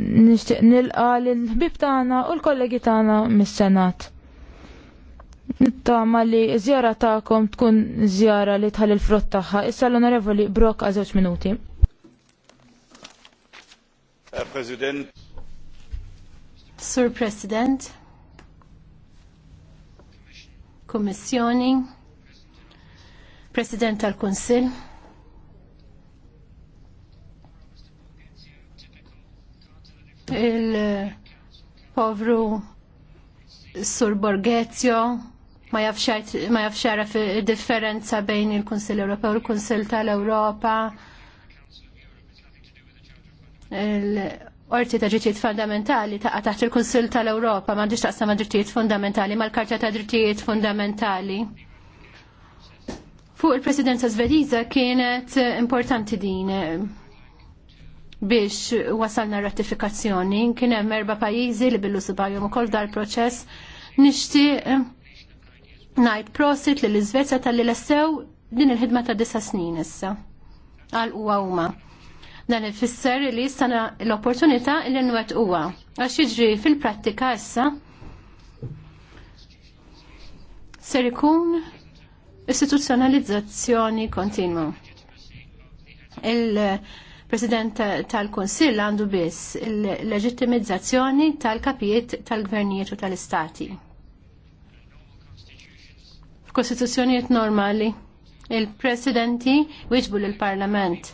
nixtieq nilqa l-ħbib tagħna u l-kollegi tagħna mis-Senat. Nittama li żjara tagħkom tkun żjara li tħalli l-frott tagħha. Issa l-Onorevoli Brok għal żewġ minuti. Herr Sir President, Kommissjoni, President tal-Konsil, il-povru Sur Borghezio ma jafxara differenza bejn il-Kunsill Ewropew u l-Kunsill tal-Ewropa. Orti ta' drittijiet fundamentali ta' taħt il-Kunsill tal-Ewropa ma' għandix taqsam drittijiet fundamentali ma' l-Karta ta' drittijiet fundamentali. Fuq il-Presidenza Svediza kienet importanti din biex wasalna ratifikazzjoni. Kien hemm erba' pajjiżi li billu subajhom ukoll dal-proċess. Nixtieq eh, ngħid prosit li l-Iżvezja tal-li lessew din il-ħidma ta' disa snin issa. Għal huwa huma. Dan ifisser li issa l-opportunità li nwet huwa. Għax jiġri fil-prattika issa ser ikun istituzzjonalizzazzjoni kontinwa. Il- President tal konsil għandu biss il-leġittimizzazzjoni tal-kapijiet tal-gvernijiet u tal-istati. F'kostituzzjonijiet normali, il-presidenti wieġbu l-parlament.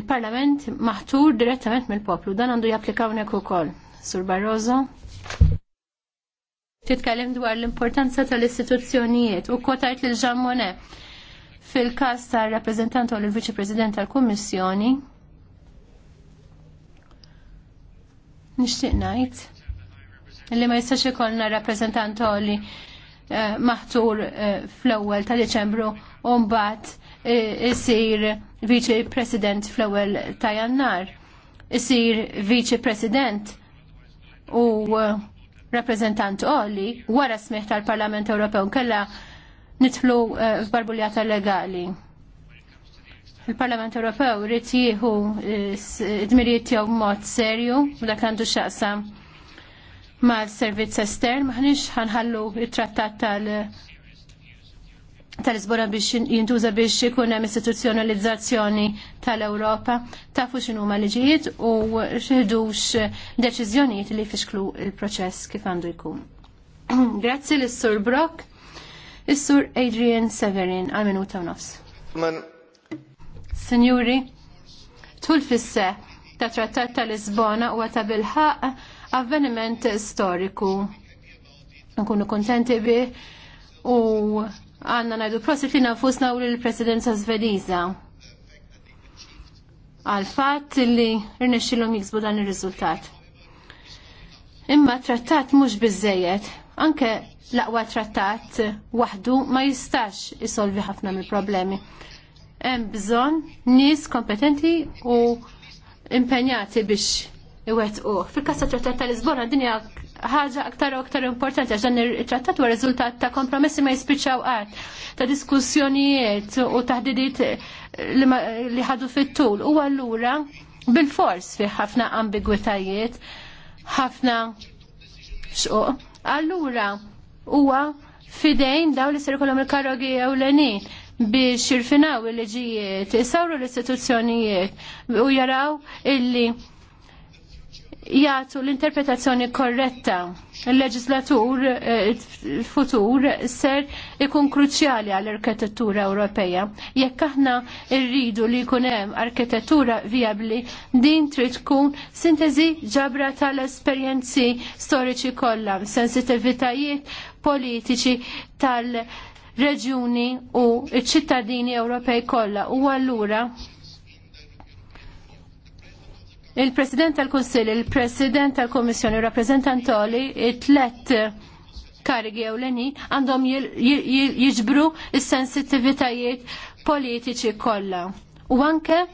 Il-parlament maħtur direttament mill-poplu, dan għandu japplikaw nek ukoll. Sur Barroso, titkellem dwar l-importanza tal-istituzzjonijiet u kotajt l-ġammone fil-każ tar rappresentant u l-Viċi President tal-Kummissjoni nixtieq ngħid li ma jistax ikollna rappreżentant li eh, maħtur eh, fl-ewwel ta' Diċembru u mbagħad eh, isir Viċi President fl-ewwel ta' Jannar. Isir Viċi President u rappreżentant oli wara smieħ tal-Parlament Ewropew kella nitħlu eh, f'barbuljata legali. Il-Parlament Ewropew rrit jieħu id-mirijiet eh, tiegħu b'mod serju u dak għandu x'jaqsam mal-servizz estern maħniex ħanħallu it-trattat tal- tal-izbora biex jintuża biex ikun hemm istituzzjonalizzazzjoni tal-Ewropa tafu x'inhu ma liġijiet u x'ħidux deċiżjonijiet li jfixklu il-proċess kif għandu jkun. Grazzi lis sur Brock. Is-sur Adrian Severin għal minuta ta' nofs. Senjuri, tul fisse ta' trattat ta' Lisbona u ta' bilħaq avveniment storiku. Nkunu kontenti bi u għanna najdu prosit li nafusna u l-presidenza svediza għal fatt li rnexxilhom jiksbu dan ir-riżultat. Imma trattat mhux bizzejet, anke l-aqwa trattat waħdu ma jistax isolvi ħafna mill-problemi. Hemm bżonn nies kompetenti u impenjati biex iwettquh. Fil-kassa trattat tal-Lisbona din hija ħaġa aktar u aktar importanti għax dan ir-trattat huwa riżultat ta' kompromessi ma jispiċċaw qatt, ta' diskussjonijiet u taħdidiet li ħadu fit-tul. U allura bil-fors fi ħafna ambigwitajiet, ħafna xquq. Allura huwa fidejn daw li ser ikollhom il-karogi ewlenin biex jirfinaw il-leġijiet, jisawru l-istituzzjonijiet u jaraw illi jgħatu l-interpretazzjoni korretta. Il-leġislatur eh, futur ser ikun kruċjali għall arkitettura Ewropeja. Jekk aħna rridu li jkun hemm arkitettura viabli, din trid tkun sintesi ġabra tal-esperjenzi storiċi kollha, sensitivitajiet politiċi tal-reġjuni u ċ-ċittadini Ewropej kollha. U allura il-President tal-Kunsill, il-President tal-Kommissjoni, il-Rappresentantoli, it-tlet karigi ewlenin għandhom jiġbru s sensittivitajiet politiċi kollha. U anke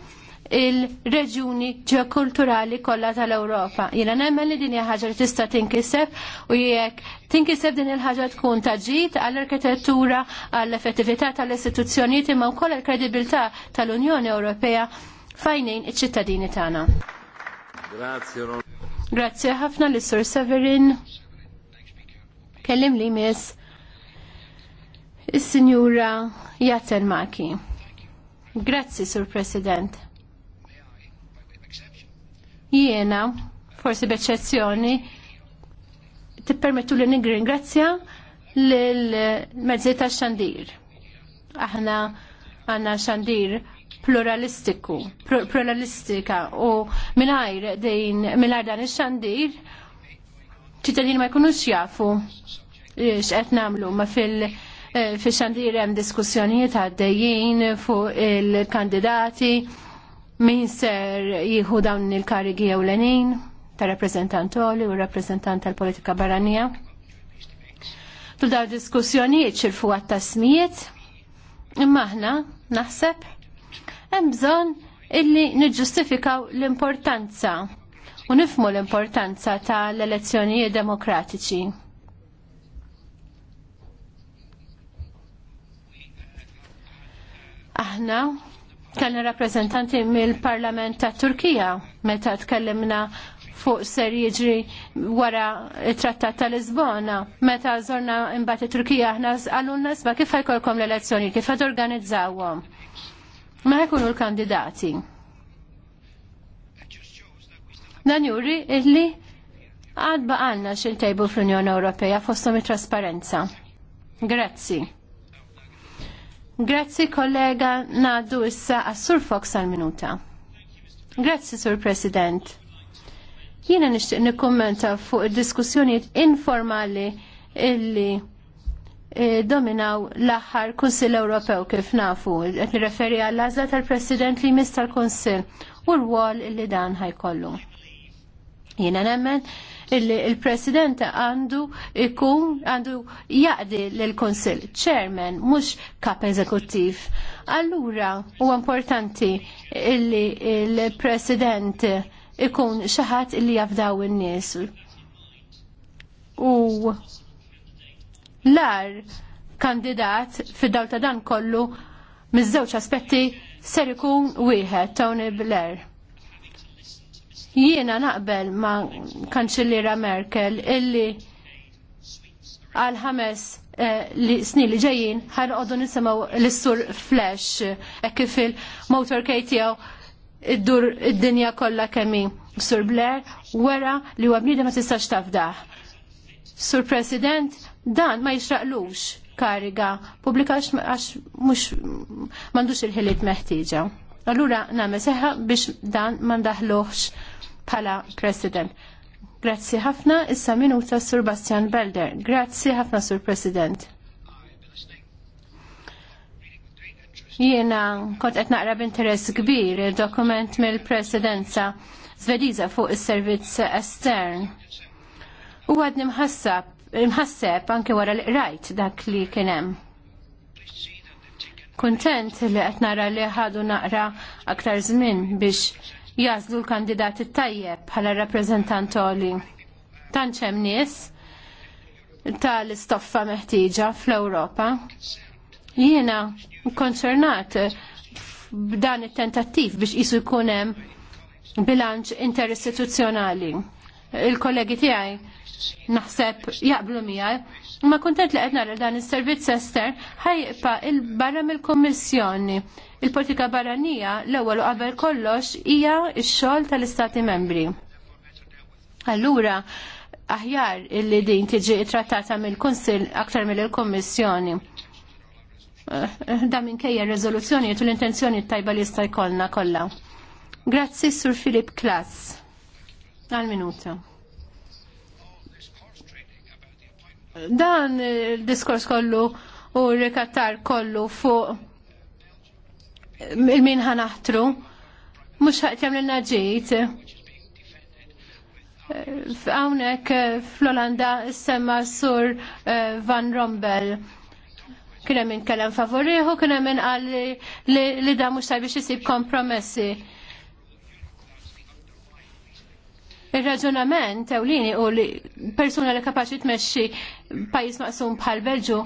il-reġuni ġeokulturali kollha tal-Ewropa. Jiena nemmen li din hija ħaġa li tista' tinkiseb u jekk tinkiseb din il-ħaġa tkun ta' ġid għall-arkitettura, għall-effettività tal-istituzzjonijiet imma wkoll il-kredibilità tal-Unjoni Ewropea fajnejn iċ-ċittadini tagħna. Grazie ħafna l sur Severin. Kellim li miss is-Sinjura Jatel Maki. Grazzi, Sur President jiena, forsi b'eċċezzjoni, tippermettu li nigringrazzja l-mezzi ta' xandir. Aħna għanna xandir pluralistiku, pluralistika u minnajr din, minnajr dan il-xandir, ċittadini ma jkunux jafu x'qed namlu ma fil- eh, fi xandir hemm diskussjonijiet għaddejjin fuq il-kandidati, min ser jieħu dawn il-karigi ewlenin ta' rappresentant u rappresentant tal-politika barranija. Tul daw diskussjonijiet xilfu għat tasmijiet, imma aħna naħseb hemm bżonn illi niġġustifikaw l-importanza u nifmu l-importanza tal-elezzjonijiet demokratiċi. Aħna kellna rappreżentanti mill-Parlament tat Turkija meta tkellimna fuq ser jiġri wara it-trattat ta' Lisbona. Meta żorna imbagħad it-Turkija aħna għalunna sba kif ħajkolkom l-elezzjoni, kif qed organizzawhom. Ma jkunu l-kandidati. Dan juri illi għad baqalna xil-tejbu fl-Unjoni Ewropea fostom it-trasparenza. Grazzi. Grazzi kollega Nadu issa għas-Sur Fox għal-minuta. Grazzi Sur President. Jiena nixtieq nikkummenta fuq id-diskussjonijiet informali illi eh, dominaw l-aħħar Kunsill Ewropew kif nafu, qed nirreferi għall għażla tal-President li mistal tal-Kunsill u l-wol illi dan ħajkollu. Jiena nemmen il-President għandu ikun għandu jaqdi l-Konsil Chairman, mhux kap eżekuttiv. Allura huwa importanti illi il-President ikun xi ħadd illi jafdaw in-nies. U l-ar kandidat fid-dawl ta' dan kollu miż-żewġ aspetti ser ikun wieħed Tony Blair. Jiena naqbel ma' kanċillira Merkel illi għal ħames eh, li snin li ġejjin għoddu nisimaw l-sur flash eh, kif il-motorcade tiegħu iddur id-dinja kollha kemmi. Sur Blair wera li huwa bniedem ma tistax tafdaħ. Sur President, dan ma jixraqlux kariga publika għax mhux m'għandux il-ħiliet meħtieġa. Allura nagħmel seħħa biex dan mandaħluħx bħala President. Grazzi ħafna, issa minuta Sur Bastian Belder. Grazzi ħafna, Sur President. Jiena kont qed naqra b'interess kbir dokument mill-Presidenza Zvediża fuq is-servizz estern. U għadni mħassab, mħasseb anke wara li qrajt dak li kien hemm. Kuntent li qed nara li ħadu naqra aktar żmien biex jazlu l-kandidati tajjeb bħala rappresentantoli. Tanċem nies tal-istoffa meħtieġa fl-Ewropa. Jiena konċernat b'dan it-tentattiv biex jisu jkun hemm bilanċ interistituzzjonali. Il-kollegi tiegħi naħseb jaqblu miegħi. Ma kontent li qed nara dan is-servizz ester ħajqa il-barra mill-Kummissjoni. Il-politika barranija l-ewwel u qabel kollox hija x-xogħol tal-Istati Membri. Allura, aħjar illi din tiġi trattata mill-Kunsill aktar mill-Kummissjoni da minn kejja rezoluzzjoni u l-intenzjoni tajba li jista' jkollna kollha. Grazzi Sur Filip Klass. Għal minuta. dan il-diskors kollu u rikattar kollu fuq il-min ħanaħtru mux ħaqtjam jamlu naġiet Għawnek fl-Olanda semma sur eh, Van Rombel kienem minn kellem favoriħu, kienem minn għalli li da mux tajbix jisib kompromessi. Il-raġunament ewlini u li persuna li kapaċi tmexxi pajjiż maqsum bħal Belġu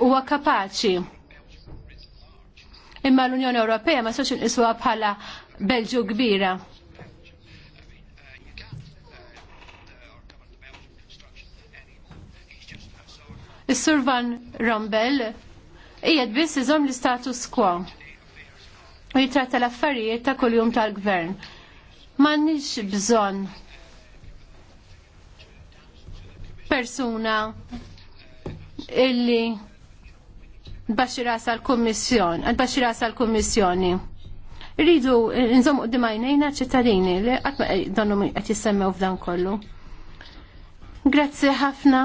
huwa kapaċi. Imma l-Unjoni Ewropea ma sox inqisuha bħala Belġu kbira. Is-Survan Rombel qiegħed biss iżomm l-status quo u jitratta l-affarijiet ta' kuljum tal-gvern. M'għandniex bżonn persuna illi baxirasa l kommissjon baxirasa l kommissjoni Ridu, nżom u dimajnejna ċittadini li għatma donnu għat jissemmew f'dan kollu. Grazzi ħafna.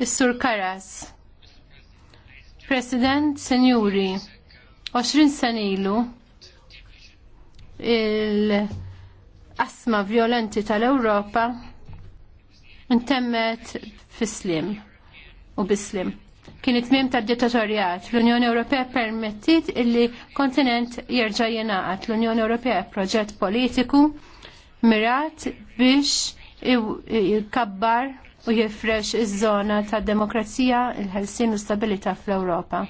Is-Sur Karas. President Senjuri, 20 sen ilu il asma violenti tal-Ewropa intemmet fislim u bislim. Kien it-tmiem tad dittatorjat L-Unjoni Ewropea permettit illi kontinent jerġa' jingħaqad. L-Unjoni Ewropea proġett politiku mirat biex jikabbar u jifrex iż-żona ta' demokrazija, il-ħelsin u stabilità fl-Ewropa.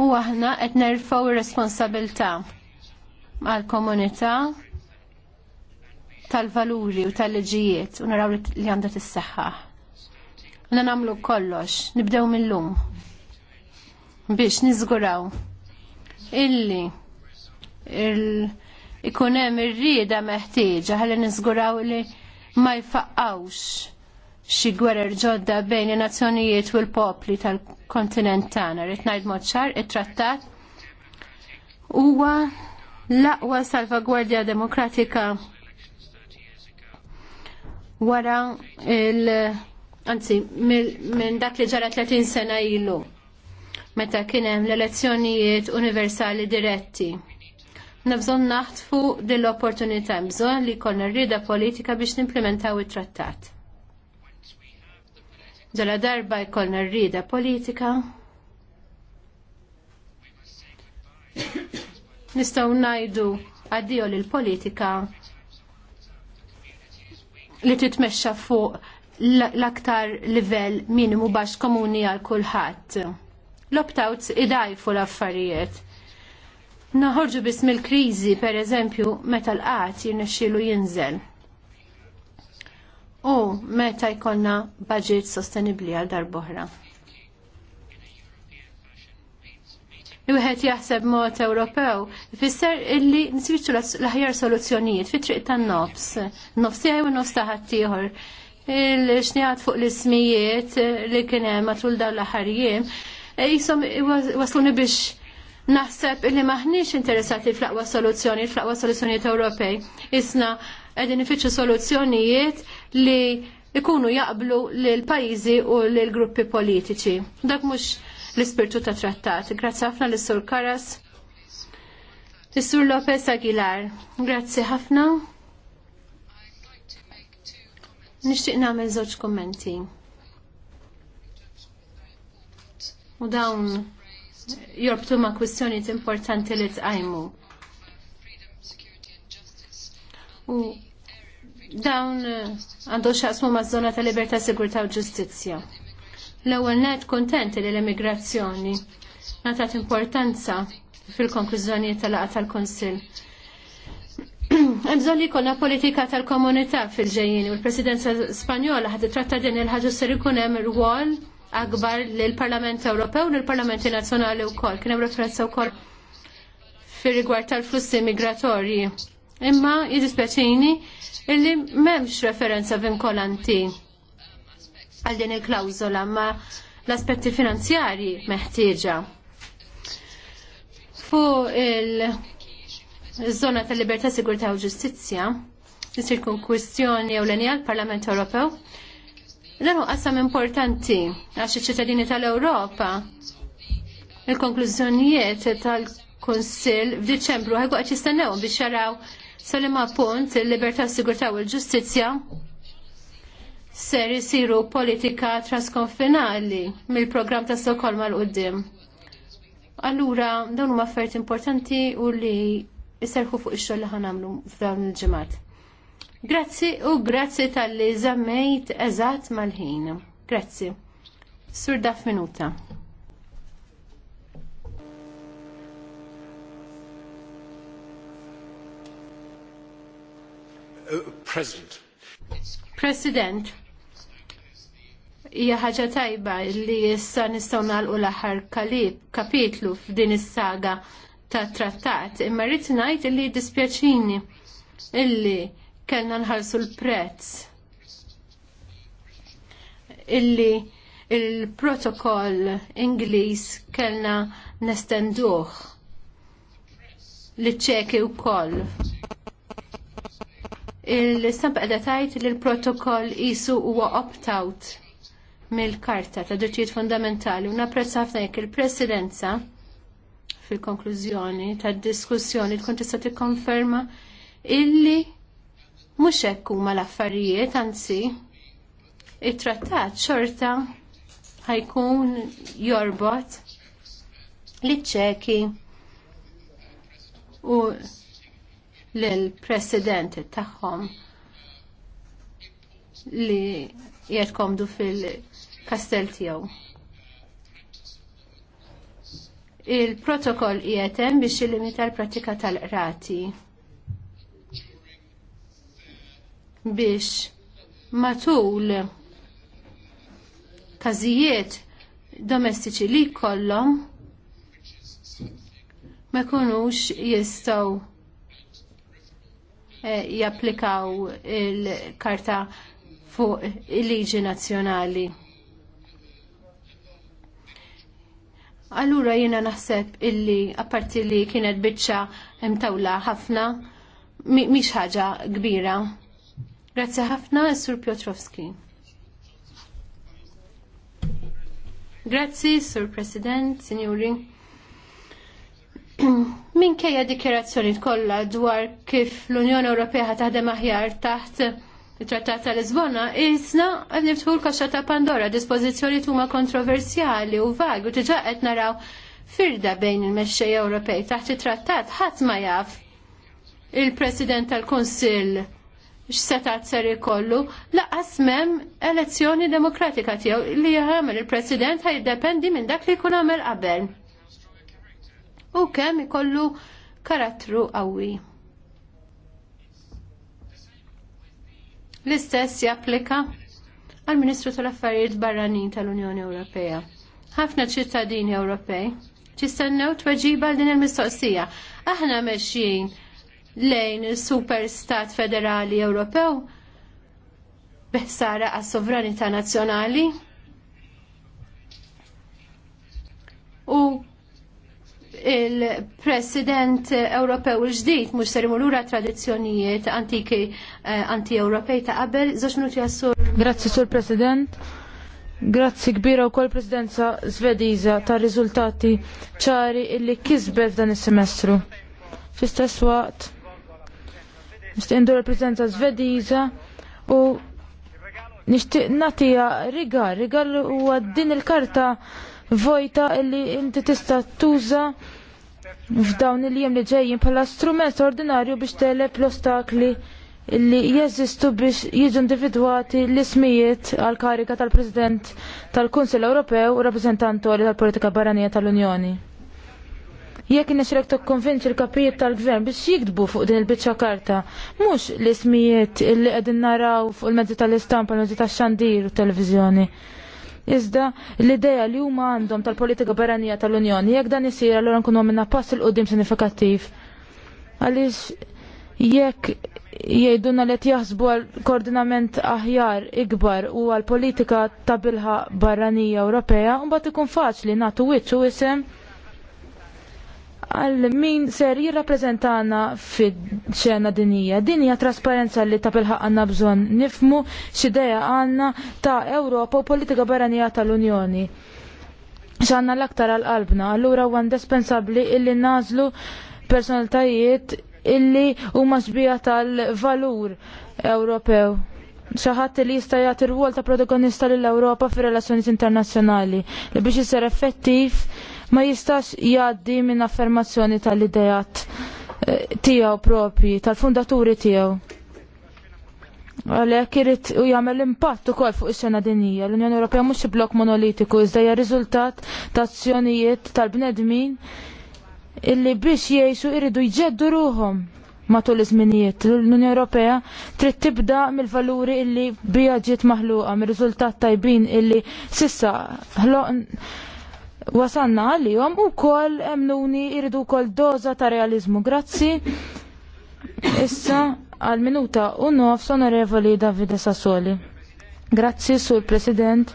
U aħna qed nerfgħu ir-responsabilità għall komunità tal-valuri u tal-liġijiet u naraw li għandha tisseħħa. Għanna namlu kollox, nibdew mill-lum biex nizguraw illi ikunem ir rida meħtieġa ħalli nizguraw li ma jfaqqawx xi gwerer ġodda bejn in-nazzjonijiet u l-popli tal-kontinent tagħna. Rid ngħid moċċar it-trattat huwa l-aqwa salvagwardja demokratika wara il- anzi, minn dak li ġara 30 sena ilu, meta kien hemm l-elezzjonijiet universali diretti. Nabżon naħtfu din l opportunità bżonn li jkollna rrida politika biex nimplementaw it-trattat. Ġala darba jkollna rrida politika. Nistgħu ngħidu għaddiju lill politika li titmexxa fuq l-aktar livell minimu bax komuni għal kulħadd. L-opt-outs idajfu l-affarijiet. Naħorġu biss mill-kriżi, per eżempju, meta l-qat jirnexxielu jinżel. U meta jkollna budget sostenibli għal darboħra. li wieħed jaħseb mod Ewropew, ifisser illi nisbiċċu l-aħjar soluzzjonijiet fi triq tan-nofs, nofs tiegħi u nofs taħat ieħor. Il-xnijat fuq l-ismijiet li kien hemm matul dawn l e jisom wasluni biex naħseb illi maħniex interessati fl-aqwa soluzzjoni, fl-aqwa soluzzjonijiet Ewropej. Isna qegħdin ifittxu soluzzjonijiet li ikunu jaqblu l pajjiżi u l gruppi politiċi. Dak mhux l-ispirtu ta' trattat. Grazzi ħafna l sur Karas. l sur Lopez Aguilar, grazzi ħafna. Nixtieq nagħmel żewġ kommenti. U dawn jorbtu ma' kwistjonijiet importanti li tqajmu. U dawn eh, għandu xaqsmu ma' zona ta' libertà, sigurtà u ġustizzja. L-ewwel ngħid kuntenti li l-immigrazzjoni natat importanza fil-konklużjonijiet tal-laqgħa tal-Kunsill. Hemm li jkollna politika tal-komunità fil-ġejjin u l-Presidenza Spanjola ħad tratta din il-ħaġa ser ikun hemm rwol akbar lill parlament Ewropew u lill-Parlamenti Nazzjonali wkoll. Kien hemm referenza wkoll fir-rigward tal-flussi migratorji. Imma speċini illi m'hemmx referenza vinkolanti għal din il-klawżola ma l-aspetti finanzjari meħtieġa. Fu il-żona tal-libertà, sigurtà u ġustizja, nisir kun kwistjoni u l-Parlament Ewropew. Dan enu qasam importanti għax iċ-ċittadini tal-Ewropa il-konklużjonijiet tal-Konsil f'Diċembru ħajqgħod jistennewhom biex jaraw salima punt il-libertà, sigurtà u l-ġustizzja ser isiru politika transkonfinali mill-programm ta' Stokholm għal qudiem Allura, dawn huma affarijiet importanti u li jserħu fuq ix-xogħol li ħanamlu f'dawn il-ġimgħat. Grazzi u grazzi tal-li żammejt eżatt mal-ħin. Grazzi. Sur daf minuta. Uh, President. President, hija ħaġa tajba li issa nistgħu nagħlqu l-aħħar kapitlu f'din is-saga ta' trattat, imma rrid ngħid li dispjaċini illi kellna nħarsu l-prezz. Illi il-protokoll Ingliż kellna nestenduh li ċeki wkoll. Il-stampa qeda tgħid li l-protokoll isu huwa opt-out mill-Karta ta' Drittijiet Fundamentali u napprezza ħafna jekk il-Presidenza fil-konklużjoni tad-diskussjoni tkun tista' tikkonferma illi mhux hekk huma l-affarijiet, anzi it-trattat xorta ħajkun jorbot li ċeki u l-president tagħhom li jgħidkomdu fil- il-kastel tiegħu. Il-protokoll jietem biex il-limita l-pratika tal-qrati biex matul kazijiet domestiċi li kollom ma kunux jistaw eh, japplikaw il-karta fuq il-liġi nazjonali. Allura jiena naħseb illi apparti li kienet bitxa imtawla ħafna, miex ħaġa kbira. Grazzi ħafna, Sur Piotrowski. Grazzi, Sur President, Sinjuri. Minkejja dikjerazzjoni kollha dwar kif l-Unjoni Ewropea taħdem aħjar taħt il-Trattat tal-Lisbona, jisna niftħu l-kaxxa ta' Pandora, dispozizjoni huma kontroversjali u vagi u tġa qed naraw firda bejn il-mexxej Ewropej taħt it-trattat ħadd ma jaf il-President tal-Kunsill x'setat ser ikollu, laqas mem elezzjoni demokratika tiegħu li jagħmel il-President ħajdependi minn dak li jkun għamel qabel. U kemm ikollu karattru qawwi. L-istess japplika għall ministru tal-Affarijiet Barranin tal-Unjoni Ewropea. Ħafna ċittadini Ewropej ċistennew tweġiba għal din il-mistoqsija. Aħna mexjin lejn il-superstat federali Ewropew beħsara għas sovranità nazzjonali u il-President Ewropew il-ġdijt mux ser lura tradizjonijiet antiki eh, anti-Ewropej ta' qabel. Zax minuti għassur. Grazzi, Sur President. Grazzi kbira u kol presidenza svediza ta' rizultati ċari illi kizbet dan il-semestru. Fl-istess waqt, indur l-presidenza svediza u nishtiq natija rigar, rigar u din il-karta vojta illi inti tista' tuża f'dawn il-jiem li ġejjin bħala strument ordinarju biex teleb l-ostakli li jeżistu biex jiġu individwati l-ismijiet għal karika tal-President tal-Kunsill Ewropew u rappresentantori tal-Politika Barranija tal-Unjoni. Jekk nixrek konvinċi l-kapijiet tal-gvern biex jikdbu fuq din il-bicċa karta, mhux l-ismijiet li qegħdin naraw fuq il-mezzi tal-istampa, il-mezzi tax-xandir u televizjoni Iżda l-idea li huma għandhom tal-politika barranija tal-Unjoni, jekk dan isir allura nkunu minna pass il qudiem sinifikattiv. Għaliex jekk jgħiduna li jaħsbu għal koordinament aħjar ikbar u għal politika ta' barranija Ewropea, mbagħad ikun faċli nagħtu wiċċu isem għal min ser jirrappreżentana fid-ċena dinija. Din hija trasparenza li ta' bilħaq għandna bżonn nifmu x'idea għandna ta' Ewropa u politika barranija tal-Unjoni. X'għandna l-aktar għal qalbna, allura huwa indispensabbli illi nazlu personalitajiet illi huma maġbija tal-valur Ewropew ċaħat li jista' jagħti rwol ta' protagonista lill ewropa fir relazzjonijiet internazzjonali li biex isser effettiv ma jistax jgħaddi minn affermazzjoni tal-idejat eh, tiegħu propri, tal-fundaturi tiegħu. Għalhekk irid u jagħmel impatt ukoll fuq is-sena dinija. L-Unjoni Ewropea mhux blok monolitiku, iżda hija riżultat ta' azzjonijiet tal-bnedmin illi biex jgħixu jridu jġeddu ruhom matul iż-żminijiet. L-Unjoni Ewropea trid tibda mill-valuri illi bija ġiet maħluqa, mir-riżultat tajbin illi sissa wasanna għal-jom u kol emnuni irridu kol doza ta' realizmu. Grazzi. Issa għal-minuta u nofs onorevoli Davide Sassoli. Grazzi sur President,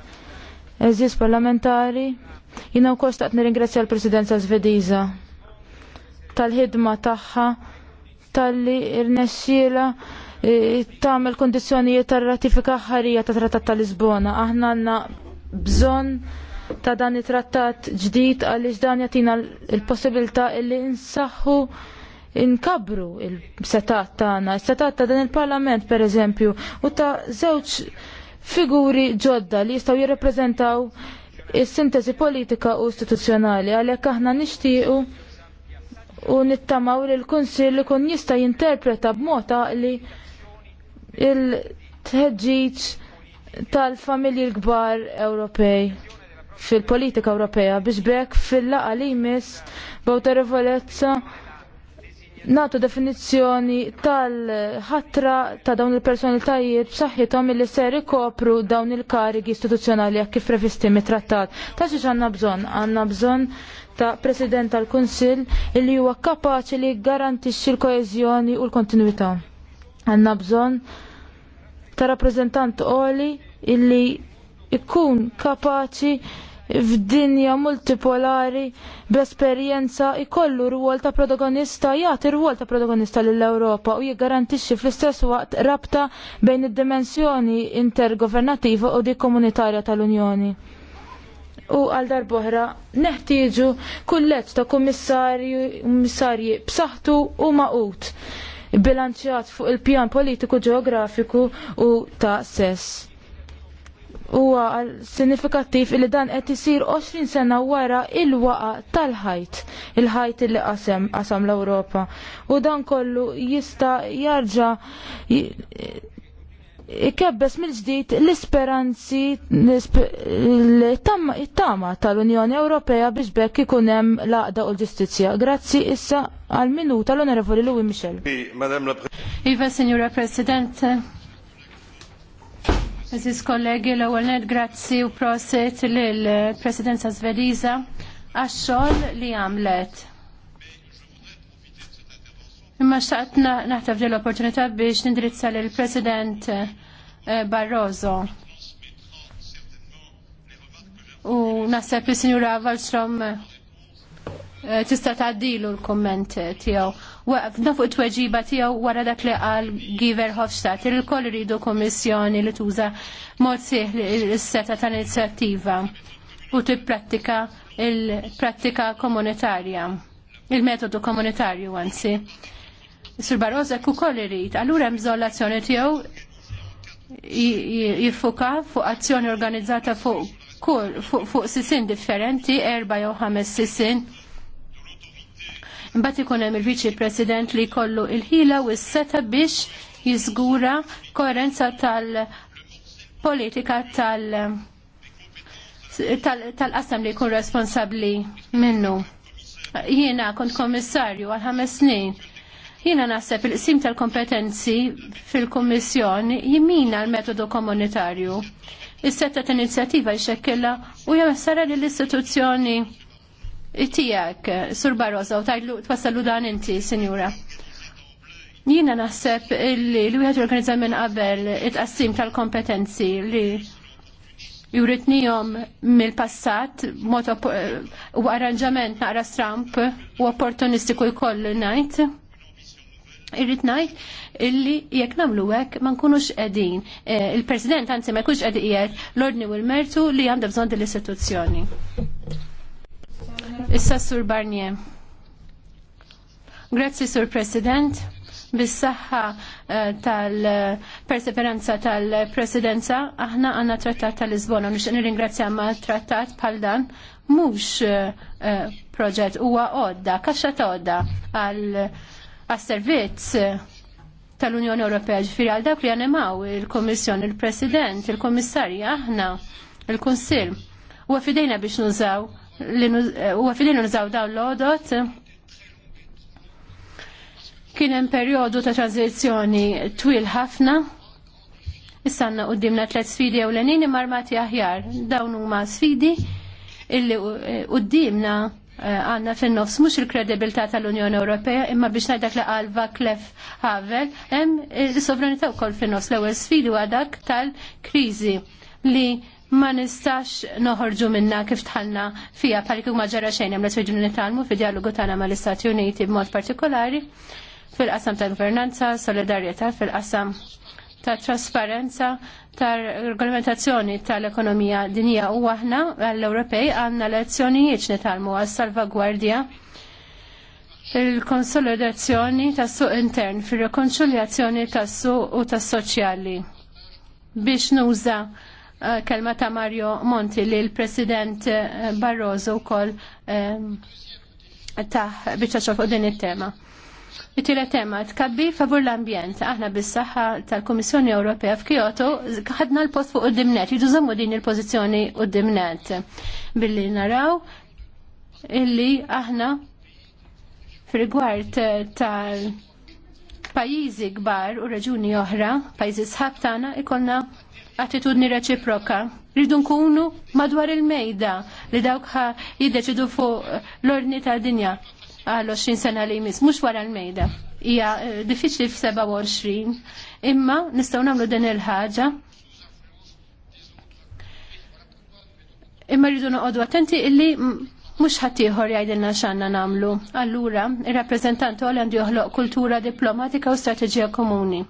eżis parlamentari, jina u kol staqt nir-ingrazzja l-Presidenza Svediza tal-ħidma tagħha tal-li irnexxiela e, tagħmel kondizzjonijiet tar-ratifika ħarija ta' trattat ta' Lisbona. Aħna għandna bżonn ta' dan it-trattat ġdid għaliex dan jagħtina l-possibilità li nsaħħu inkabru il-setat tagħna, is-setat ta' dan il-Parlament pereżempju, u ta' żewġ figuri ġodda li jistgħu jirrepreżentaw is-sintesi politika u istituzzjonali għalhekk aħna nixtiequ u nittamaw li l-Kunsill ikun jista' jinterpreta b'mod li il-tħeġġiġ tal-familji l-kbar Ewropej fil-politika Ewropea biex bekk fil-laqa li jmiss b'awtorevolezza natu definizzjoni tal-ħatra ta' dawn il-personalitajiet b'saħħithom li ser ikopru dawn il-karigi istituzzjonali jekk kif previsti mit-trattat. Ta' xiex għandna bżonn? Għandna bżonn ta' President tal-Kunsill li huwa kapaċi li garantixxi l-koeżjoni u l-kontinuità. Għandna bżonn ta' rappreżentant qoli illi ikun kapaċi f'dinja multipolari b'esperjenza ikollu rwol ta' protagonista jagħti rwol ta' protagonista lill ewropa u jiggarantixxi fl-istess waqt rabta bejn id-dimensjoni intergovernattiva u dik komunitarja tal-Unjoni. U għal darboħra neħtieġu kulleġġ ta' kummissarji b'saħħtu u maqut bilanċjat fuq il-pjan politiku ġeografiku u ta' sess huwa sinifikattiv li dan qed isir 20 sena wara il-waqa tal-ħajt, il-ħajt li qasem qasam l-Ewropa. U dan kollu jista' jarġa' ikebbes mill-ġdid l-isperanzi it-tama tal-Unjoni Ewropea biex bekk ikun hemm laqda u l-ġustizzja. Grazzi issa għal minuta l-Onorevoli Louis Michel. Iva, Signora President, Aziz kollegi, l-ewwel ned grazzi u prosit lill-Presidenza Svediża għax-xogħol li għamlet. Imma xtaqt naħtaf din l-opportunità biex nindirizza lill President eh, Barroso. U naħseb li Sinjura Wallström eh, tista' tgħaddilu l-kumment eh, tiegħu waqfna fuq it-tweġiba tiegħu wara dak li qal Giver Hofstadt il-koll iridu kommissjoni li tuża mod sieħ is-seta tal-inizjattiva u tipprattika il-prattika komunitarja, il-metodu komunitarju anzi. Sir Barroso ku koll irid, allura hemm żolazzjoni tiegħu jiffuka fuq azzjoni organizzata fuq fuq sisin differenti, erba jew ħames sisin Mbagħad ikun hemm il-Viċi President li jkollu il-ħila u s-seta biex jiżgura koerenza tal-politika tal- tal-qasam li jkun responsabbli minnu. Jiena kont kommissarju għal ħames snin Jiena naħseb il-qsim tal-kompetenzi fil kummissjon jimina l-metodu komunitarju. Is-setta tal inizjattiva jxekkilla u jew li l-istituzzjoni tijak, Sur Barroso, tajlu twassallu dan inti, Sinjura. Jiena naħseb li li wieħed jorganizza minn qabel it-qassim tal-kompetenzi li juritnijom mill-passat, mod u arranġament naqra stramp u opportunistiku jkoll najt. Irrit najt illi jekk namlu hekk ma nkunux qegħdin. Eh, Il-President anzi ma jkunx qegħdin l-ordni u l-mertu li għandha bżonn din l-istituzzjoni. Issa Sur Barnier. Grazzi Sur President. Bis-saħħa eh, tal-perseveranza tal-presidenza, aħna għanna trattat tal-Lisbona, nix nirringrazzja ma trattat bħal dan, mux eh, proġett huwa għodda, kaxxa ta' għodda għal-servizz tal-Unjoni Ewropea ġifiri għal dak li għanemaw il komissjon il-President, il-Komissarji, aħna, il-Konsil. U għafidejna biex nużaw u għafilin eh, nżaw daw l-odot kien hemm perjodu ta' tranzizzjoni twil ħafna. Issanna dimna tliet sfidi ewlenin marmati aħjar. Dawn huma sfidi illi eh, dimna eh, għanna fin-nofs mhux il-kredibilità tal-Unjoni Ewropea imma biex najdak li qalva klef ħavel hemm is sovranità wkoll fin-nofs l-ewwel sfidi huwa dak tal-kriżi li ma nistax noħorġu minna kif tħalna fija pari ma ġara xejn hemm li nitalmu fid-dialogu tagħna mal-Istati Uniti b'mod partikolari fil-qasam tal-gvernanza, solidarjetà fil-qasam ta' trasparenza ta' regolamentazzjoni tal-ekonomija dinija u aħna għall-Ewropej għandna lezzjonijiet nitalmu għas-salvagwardja il-konsolidazzjoni tas suq intern fir rekonċiljazzjoni tas suq u tas soċjali biex nuża Eh, kelma ta' Mario Monti li l-President eh, Barroso wkoll eh, ta' bieċa fuq din it-tema. it tema, tkabbi favur l-ambjent. Aħna bis-saħħa tal-Kummissjoni Ewropea f'Kyoto ħadna l-post fuq id-dimnet, jidu din il-pożizzjoni u dimnet billi naraw illi aħna fil tal-pajjiżi kbar u reġuni oħra, pajjiżi sħab tagħna ikolna attitudni reċiproka. Rridu nkunu madwar il-mejda li dawk jiddeċidu fuq eh, l-ordni tal-dinja għal 20 sena li jmiss, mux wara l-mejda. Ija eh, diffiċli f-27, imma nistaw namlu din il-ħagġa. Imma rridu noqodu attenti illi mux ħattijħor jgħidilna xanna namlu. Allura, il-rappresentant għol għandu joħloq kultura diplomatika u strategija komuni.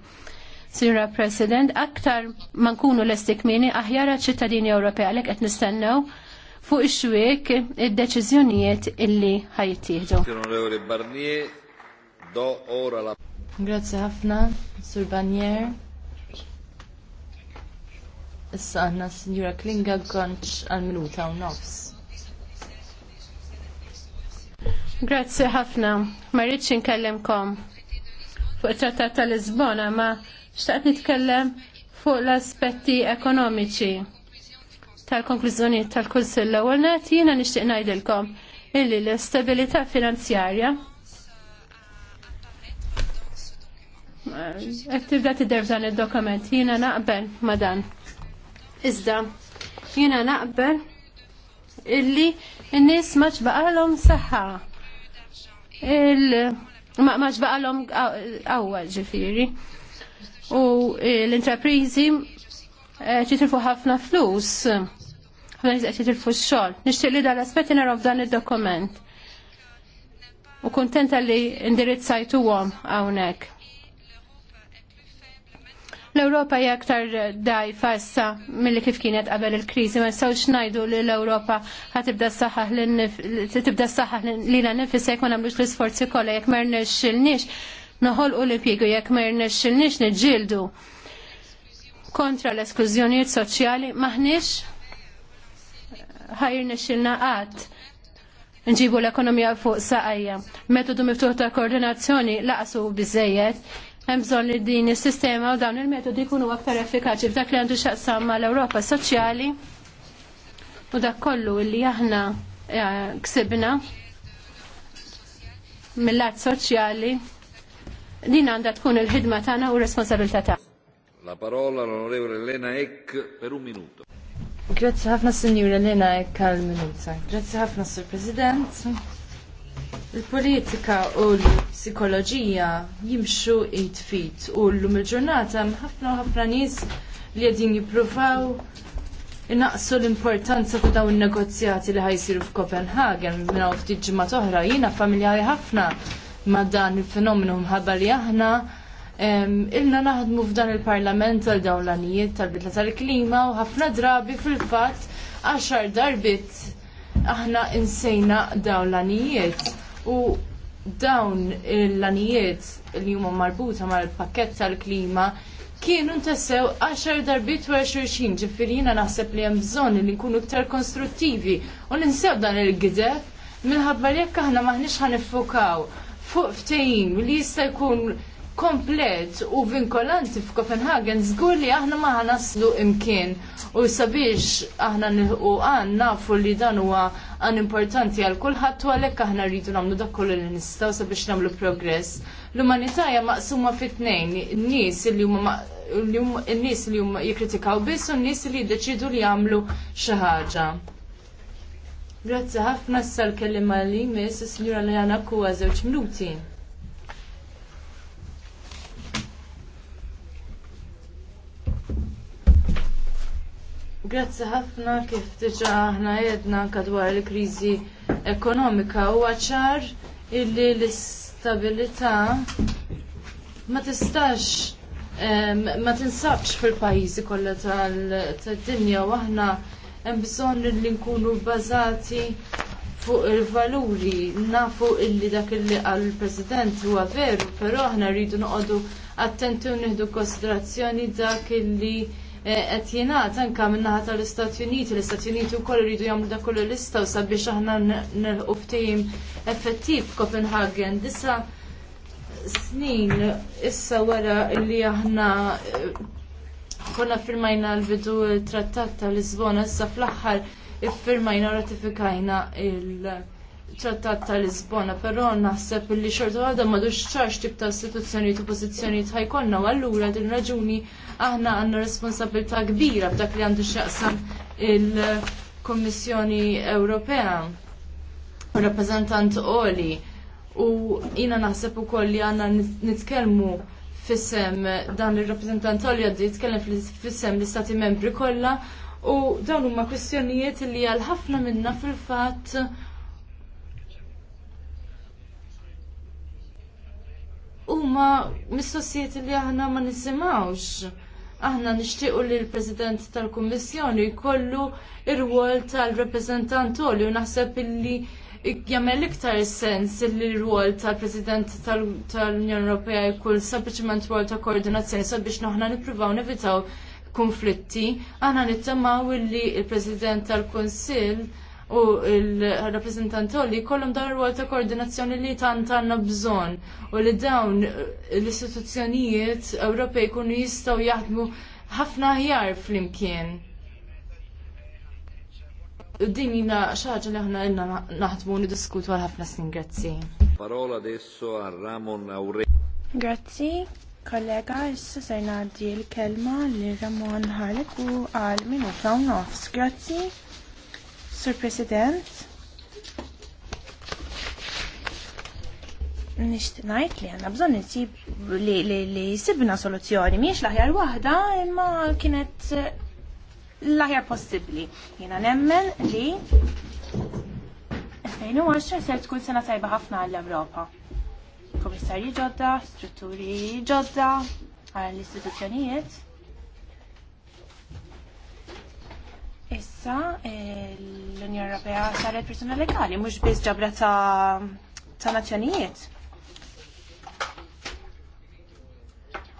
Sira President, aktar ma nkunu l-estik aħjara aħjar ċittadini Ewropea għalek qed nistennew fuq ix-xwiek id-deċiżjonijiet illi ħajtieħdu. Grazzi ħafna, Sur Barnier. Issa għanna Signora Klinga konċ għal-minuta u nofs. Grazzi ħafna, ma rridx inkellimkom fuq it-Trattat tal-Lisbona ma Xtaqt nitkellem fuq l-aspetti ekonomiċi tal-konklużjoni tal-Kunsill l-ewwel net jiena nixtieq ngħidilkom illi l-istabilità finanzjarja qed tibda tidher f'dan id-dokument jiena naqbel ma' dan. Iżda jiena naqbel illi n-nies ma ġbaqalhom saħħa. Il ma ġbaqalhom awwal ġifieri u eh, l-intraprizi ċitilfu eh, ħafna flus, ħafna nizqet ċitilfu xol. Nishtiq li dal-aspetti naraw f'dan il-dokument. U kontenta li indirizzajtu għom għawnek. L-Europa hija aktar dajfa issa milli kif kienet qabel il-kriżi, ma nistgħux ngħidu li l-Ewropa ħatibda s-saħħaħ tibda s lilha nifisek ma nagħmlux l-isforzi kollha jekk ma rnexxilniex u l-impjiegu jekk ma jirnexxilniex niġġieldu kontra l-esklużjonijiet soċjali maħniex ħajrnexxilna qatt nġibu l-ekonomija fuq saqajja. Metodu miftuħ ta' koordinazzjoni laqsu biżejjed, hemm bżonn li din is-sistema u dawn il-metodi jkunu aktar effikaċi f'dak li għandu x'aqsam mal-Ewropa soċjali u dak kollu li aħna eh, ksibna mill-lat soċjali din għandha tkun il-ħidma tagħna u responsabilità tagħna. La parola l-onorevole Elena Eck per un minuto. Grazzi ħafna Sinjur Elena Eck għal minuta. Grazzi ħafna Sur President. Il-politika u l-psikoloġija jimxu id fit u l-lum il-ġurnata ħafna ħafna nies li għedin jippruvaw Innaqsu l-importanza ta' dawn il-negozjati li ħajsiru f'Kopenhagen minn ftit ġimgħa oħra jiena familjari ħafna ma' dan il-fenomenu mħabba li aħna Ilna naħdmu f'dan il-parlament għal dawn l-anijiet tal-bidla tal-klima u ħafna drabi fil-fatt għaxar darbit aħna insejna dawn l-anijiet u dawn il anijiet li huma marbuta mal-pakket tal-klima kienu ntassew għaxar darbit u xurxin ġifiri jina naħseb li hemm bżonn li nkunu ktar konstruttivi u ninsew dan il-gidef minħabba li jekk aħna maħniex ħanifukaw fuq ftehim li jista' jkun komplet u vinkolanti f'Kopenhagen żgur li aħna ma ħanaslu imkien u sabiex aħna nilqu għan nafu li dan huwa għan importanti għal kulħadd u għalhekk aħna rridu nagħmlu dak kollu li nistgħu sabiex nagħmlu progress. L-umanità hija maqsuma fit-tnejn, nies li huma n-nies li huma jikkritikaw biss u n-nies li jiddeċidu li jagħmlu xi ħaġa. Grazzi ħafna s-sal kellim għalli, mis, s-signora Lejana Kuwa zewċ minuti. Grazzi ħafna kif diġa ħna jedna kadwar l-krizi ekonomika u għacċar illi l-istabilita ma tistax ma tinsabx fil-pajizi kollha tad-dinja u aħna hemm bżonn li nkunu bbażati fuq il-valuri, nafu illi dak illi għal president huwa veru, però aħna rridu noqogħdu attenti u nieħdu konsiderazzjoni dak illi eh, qed jingħad anke min-naħa tal-Istati Uniti, l-Istati Uniti wkoll iridu jagħmlu dak kollu l-istaw sabiex aħna nelħqu ftehim effettiv f'Copenhagen. Disa snin issa wara li aħna eh, konna firmajna l-bidu il-trattat ta' Lisbona, issa fl-axħar iffirmajna ratifikajna il-trattat ta' Lisbona, però naħseb li xorta għadha madux ċarx tip ta' istituzzjoni u pożizzjonijiet ħajkonna, u allura din raġuni aħna għandna responsabilità kbira f'dak li għandu x'jaqsam il-Kommissjoni Ewropea u rappreżentant Oli. U jina naħseb ukoll li għandna nitkellmu fissem dan il-rappresentant għalli għaddi jitkellem fissem l-istati membri kollha u dawn huma kwestjonijiet li għal ħafna minna fil-fatt huma mistoqsijiet li aħna ma nisimgħux. Aħna nixtiequ li l-President tal-Kummissjoni jkollu ir wol tal-rappresentant u naħseb illi jagħmel iktar sens li l rwol tal-President tal-Unjoni Ewropea jkun sempliċement rwol ta' koordinazzjoni sabiex noħna nippruvaw nevitaw konflitti. Aħna nittamaw li l president tal-Kunsill u il-rappresentant li kollum dan rwol ta' koordinazzjoni li tant għandna bżonn u li dawn l-istituzzjonijiet Ewropej kunu jistgħu jaħdmu ħafna ħjar flimkien din jina xaġa li ħna inna naħdmu nidiskutu għal ħafna snin, grazzi. Parola adesso a Ramon Aure. Grazzi, kollega, issa se ngħaddi l-kelma li Ramon ħalek u għal minuta u nofs. Grazzi, Sur President. Nishti najt li għanna bżon nisib li, li, li sibna soluzzjoni, miex laħjar wahda imma kienet l-aħjar possibbli. Jiena nemmen li 2010 se tkun sena tajba ħafna għall-Ewropa. Komissarji ġodda, strutturi ġodda, għall-istituzzjonijiet. Issa eh, l-Unjoni Ewropea saret persuna legali, mhux biss ġabra ta' ta' nazzjonijiet.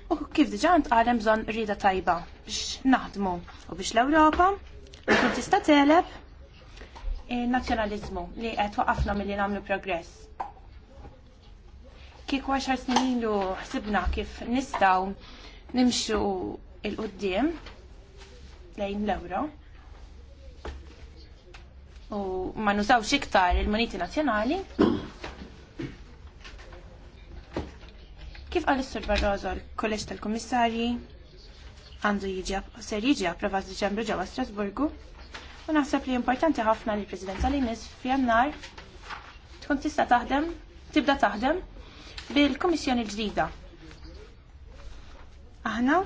U kif diġà għalem bżonn rida tajba biex naħdmu u biex l-Ewropa tkun tista' teleb nazzjonaliżmu li qed waqafna milli nagħmlu progress. Kieku għaxar snin ilu ħsibna kif nistgħu nimxu il-qoddim lejn l-euro u ma nużawx iktar il-moniti nazzjonali, Kif għal sur Barroso l-Kolleġġ tal-Kummissarji għandu jiġi ser jiġi approvat Diċembru ġewwa Strasburgu u naħseb li importanti ħafna li l li nis f'jannar tkun tista' taħdem, tibda taħdem bil-Kummissjoni ġdida. Aħna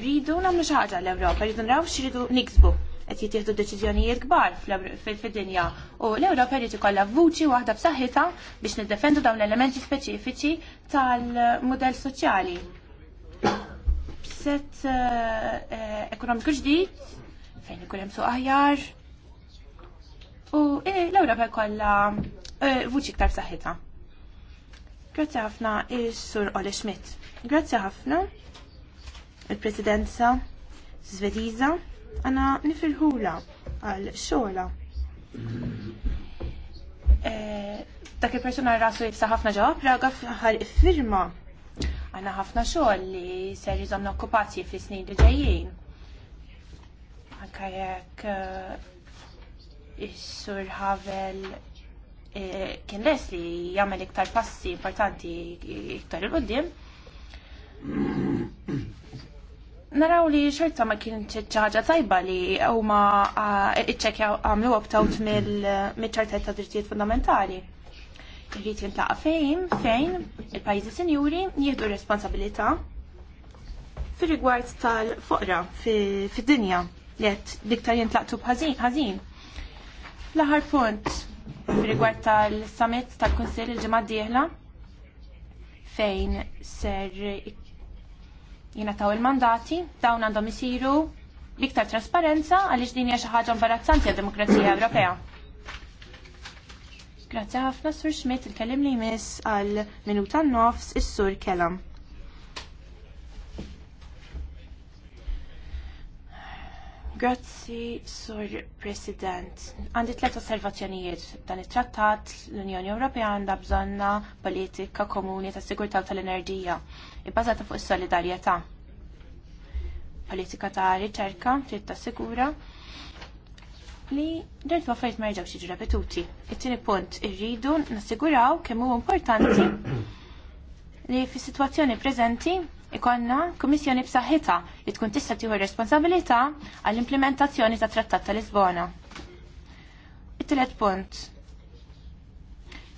rridu nagħmlu xi ħaġa l-Ewropa, rridu nraw x'iridu niksbu qed jittieħdu deċiżjonijiet kbar fid-dinja u l-Ewropa jrid ikollha vuċi waħda b'saħħitha biex niddefendu dawn l-elementi speċifiċi tal-mudell soċjali. Set eh, eh, ekonomiku ġdid fejn ikun hemm suq aħjar u eh, l-Ewropa jkollha vuċi iktar b'saħħitha. Grazzi ħafna is-Sur Ole Schmidt. Grazzi ħafna il-Presidenza Svediża Għana nifirħula għal xola. Eh, dak il-persona rasu jibsa ħafna ġawab raga ħar firma. Għana ħafna xogħol li ser n-okkupazzi fl-snin li ġejjin. Anka jekk eh, is-sur Havel eh, kien les li jagħmel iktar passi importanti iktar il-qudiem naraw li xorta ma kien ċaġa tajba li u ma iċċekja għamlu għabtawt mill-ċartet ta' drittijiet fundamentali. Irrit jintlaqa fejn, fejn, il-pajzi senjuri jieħdu responsabilita fir rigward tal-foqra fid-dinja li għed diktar jintlaqtu bħazin. l punt fir rigward tal-summit tal-Konsil il-ġemad diħla fejn ser jina taw il-mandati, dawn għandhom isiru liktar trasparenza għaliex din hija xi ħaġa imbarazzanti għad-demokrazija Ewropea. Grazzi ħafna Sur Schmidt il-kellim li jmiss għal minuta nofs is-Sur Kellam. Grazzi, Sur President. Għandi tlet osservazzjonijiet. Dan it-trattat l-Unjoni Ewropea għandha bżonna politika komuni ta' sigurtà tal-enerġija, ibbażata fuq is-solidarjetà. Politika ta' riċerka trid tassigura li dert ma fejt ma jġawx jiġu repetuti. It-tieni punt irridu nassiguraw kemm hu importanti li fis-sitwazzjoni preżenti ikonna kummissjoni b'saħħitha li tkun tista' tieħu responsabilità għall-implementazzjoni ta' Trattat ta' Lisbona. It-tielet punt.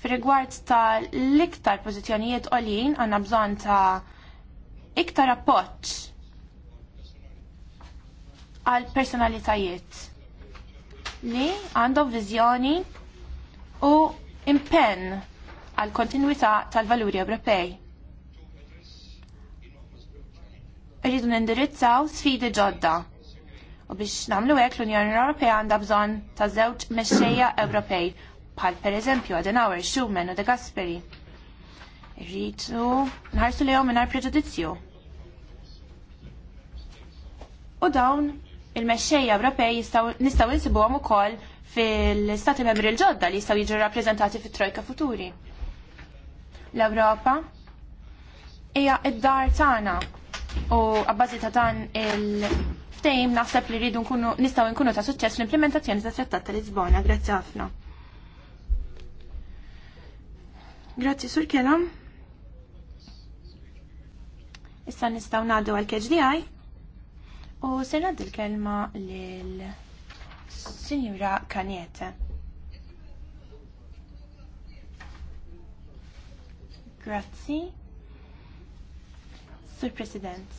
Fir-rigward ta' l-iktar pożizzjonijiet qolin għandna bżonn ta' iktar appoġġ għal personalitajiet li għandhom viżjoni u impenn għal kontinuità tal-valuri Ewropej irridu nindirizzaw sfidi ġodda. U biex namlu hekk l-Unjoni Ewropea għandha bżonn ta' żewġ mexxejja Ewropej, bħal pereżempju Adenauer, Schumann u De Gasperi. Irridu nħarsu lihom mingħajr preġudizzju. U dawn il-mexxejja Ewropej nistgħu insibuhom ukoll fil-Stati Membri l-ġodda li jistgħu jiġu rappreżentati fit-Trojka Futuri. L-Ewropa hija id-dar tagħna u għabbażi ta' dan il-ftejm naħseb li rridu nkunu nistgħu nkunu ta' suċċess l-implementazzjoni ta' Trattat ta' Lisbona. Grazzi ħafna. Grazzi sur kelam. Issa nistgħu ngħaddu għal kgdi u se ngħaddi l-kelma lil Sinjura Kaniete. Grazzi. Sur President,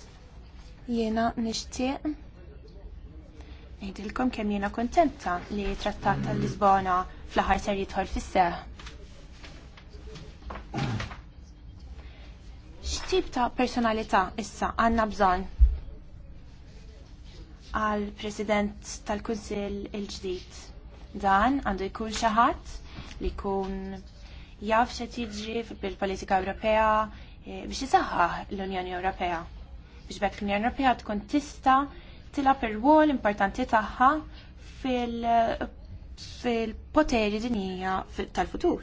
jena nixtieq ngħidilkom kemm jiena kontenta li trattat tal-Lisbona fl-aħħar ser jidħol fis seħħ X'tip ta' personalità issa għandna bżonn għal President tal-Kunsill il-ġdid. Dan għandu jkun xi ħadd li jkun jaf se tiġri bil-politika Ewropea, Eh, biex isaħħaħ l-Unjoni Ewropea. Biex bekk l-Unjoni Ewropea tkun tista tilab ir-rwol importanti tagħha fil-poteri dinija tal-futur.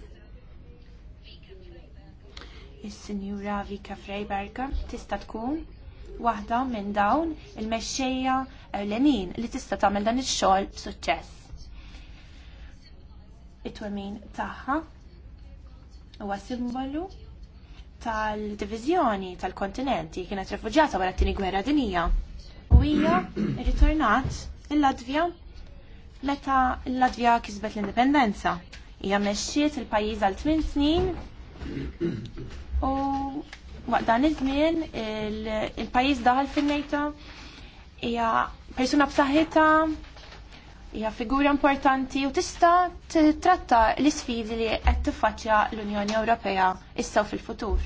Is-Sinjura Vika Freiberga tista tkun waħda minn dawn il-mexxejja ewlenin li tista tagħmel dan ix-xogħol b'suċċess. It-twemmin tagħha huwa simbolu tal-divizjoni tal-kontinenti kienet refuġjata wara t-tieni gwerra dinija. U hija rritornat il-Latvja meta l-Latvja kisbet l-indipendenza. Hija mexxiet il-pajjiż għal tmien snin u waqt dan iż-żmien il-pajjiż daħal fin-nejta hija persuna b'saħħitha hija figura importanti u tista' tratta l-isfidi li qed tiffaċċja l-Unjoni Ewropea issa fil-futur.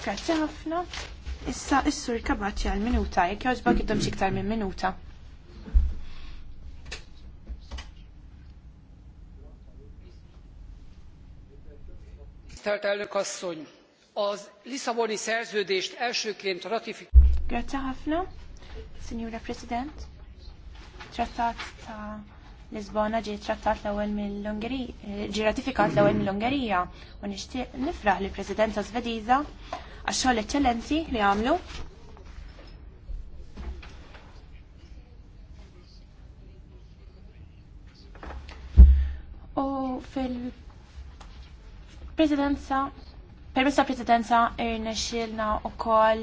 Grazzi ħafna. Issa issur kabaċi għal minuta, jekk jogħġbok iddom xiktar minn minuta. Tisztelt elnök asszony, az Lisszaboni szerződést elsőként Grazie, Signora President, trattat ta' Lisbona ġi trattat l-ewwel mill-Ungerija, eh, ġi ratifikat l-ewwel mill-Ungerija u nixtieq nifraħ li Presidenza Svediża għax-xogħol eċċellenti li għamlu U fil-presidenza, permessa presidenza irnexxielna u koll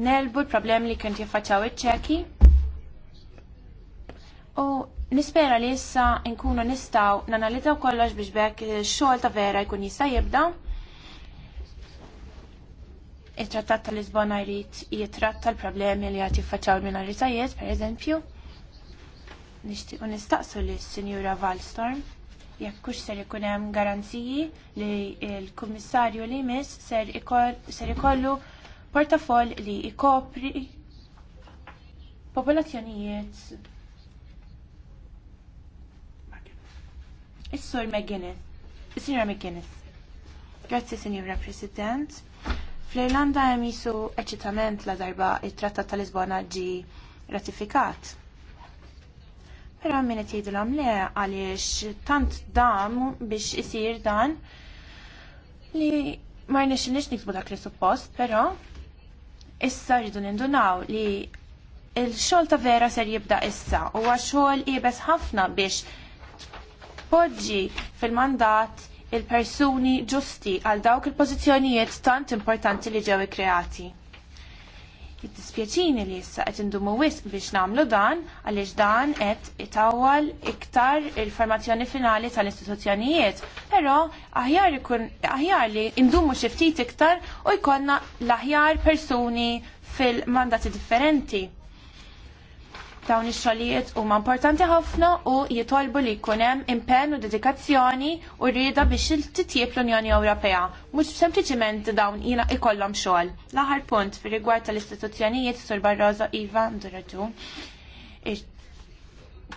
nelbu l-problem li kien jiffaċċaw iċ-ċeki. U nispera li issa nkunu nistaw nanalizzaw kollox biex bekk xogħol ta' vera jkun jista' jibda. Il-trattat tal-Lisbona jrid jitratta l-problemi li għati faċċaw minoritajiet, per eżempju. Nixtiequ nistaqsu lis sinjura Valstorm jekk kux ser ikun hemm garanziji li l-Kummissarju li mis ser ikollu portafoll li ikopri popolazzjonijiet Is-Sur McGuinness. Is-Sinjora McGuinness. Grazzi, Sinjora President. Fl-Irlanda hemm jisu eċitament la darba it-Trattat tal-Lisbona ġi ratifikat. Però min qed jgħidulhom le għaliex tant dam biex isir dan li ma rnexxinix niksbu dak li suppost, però issa rridu nindunaw li il-xol ta' vera ser jibda issa u xogħol jibes ħafna biex poġġi fil-mandat il-persuni ġusti għal dawk il-pożizzjonijiet tant importanti li ġew ikkreati. Jittispjaċini li issa qed indumu wisq biex nagħmlu dan għaliex dan qed itawwal iktar il-formazzjoni finali tal-istituzzjonijiet, però aħjar ikun aħjar li indumu xi ftit iktar u jkollna l-aħjar persuni fil-mandati differenti. Dawn ix-xogħlijiet huma importanti ħafna u jitolbu li jkun hemm impenn u dedikazzjoni u rieda biex titjieb l-Unjoni Ewropea. Mhux sempliċiment dawn ila ikollhom xogħol. L-aħħar punt fir-rigward tal-istituzzjonijiet Sur Barroso Iva Nduraġu.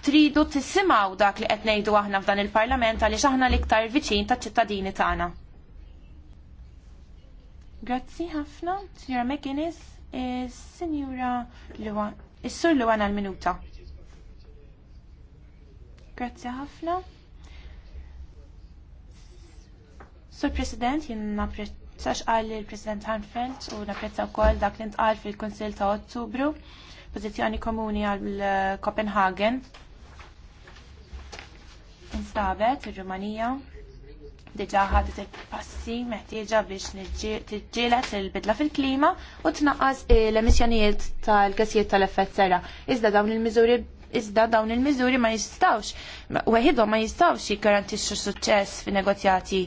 Tridu tissimgħu dak li qed ngħidu aħna f'dan il-Parlament għaliex aħna l-iktar viċin taċ-ċittadini tagħna. Grazzi ħafna, Signora McGuinness, e Signora Lewan. Is-sur li għana l-minuta. Grazzi ħafna. Sur President, jien naprezzax għalli il-President Hanfeld u napprezza wkoll dak li ntqal fil-Kunsill ta' Ottubru, pożizzjoni komuni għal Copenhagen. Instabet, ir-Rumanija, diġa ħadet il-passi meħtieġa biex tiġġielet il-bidla fil-klima u tnaqqas l-emissjonijiet tal-gassijiet tal-effett serra. Iżda dawn il-miżuri iżda dawn il-miżuri ma jistawx, weħidhom ma jistawx jikkarantixxu suċċess fin-negozjati.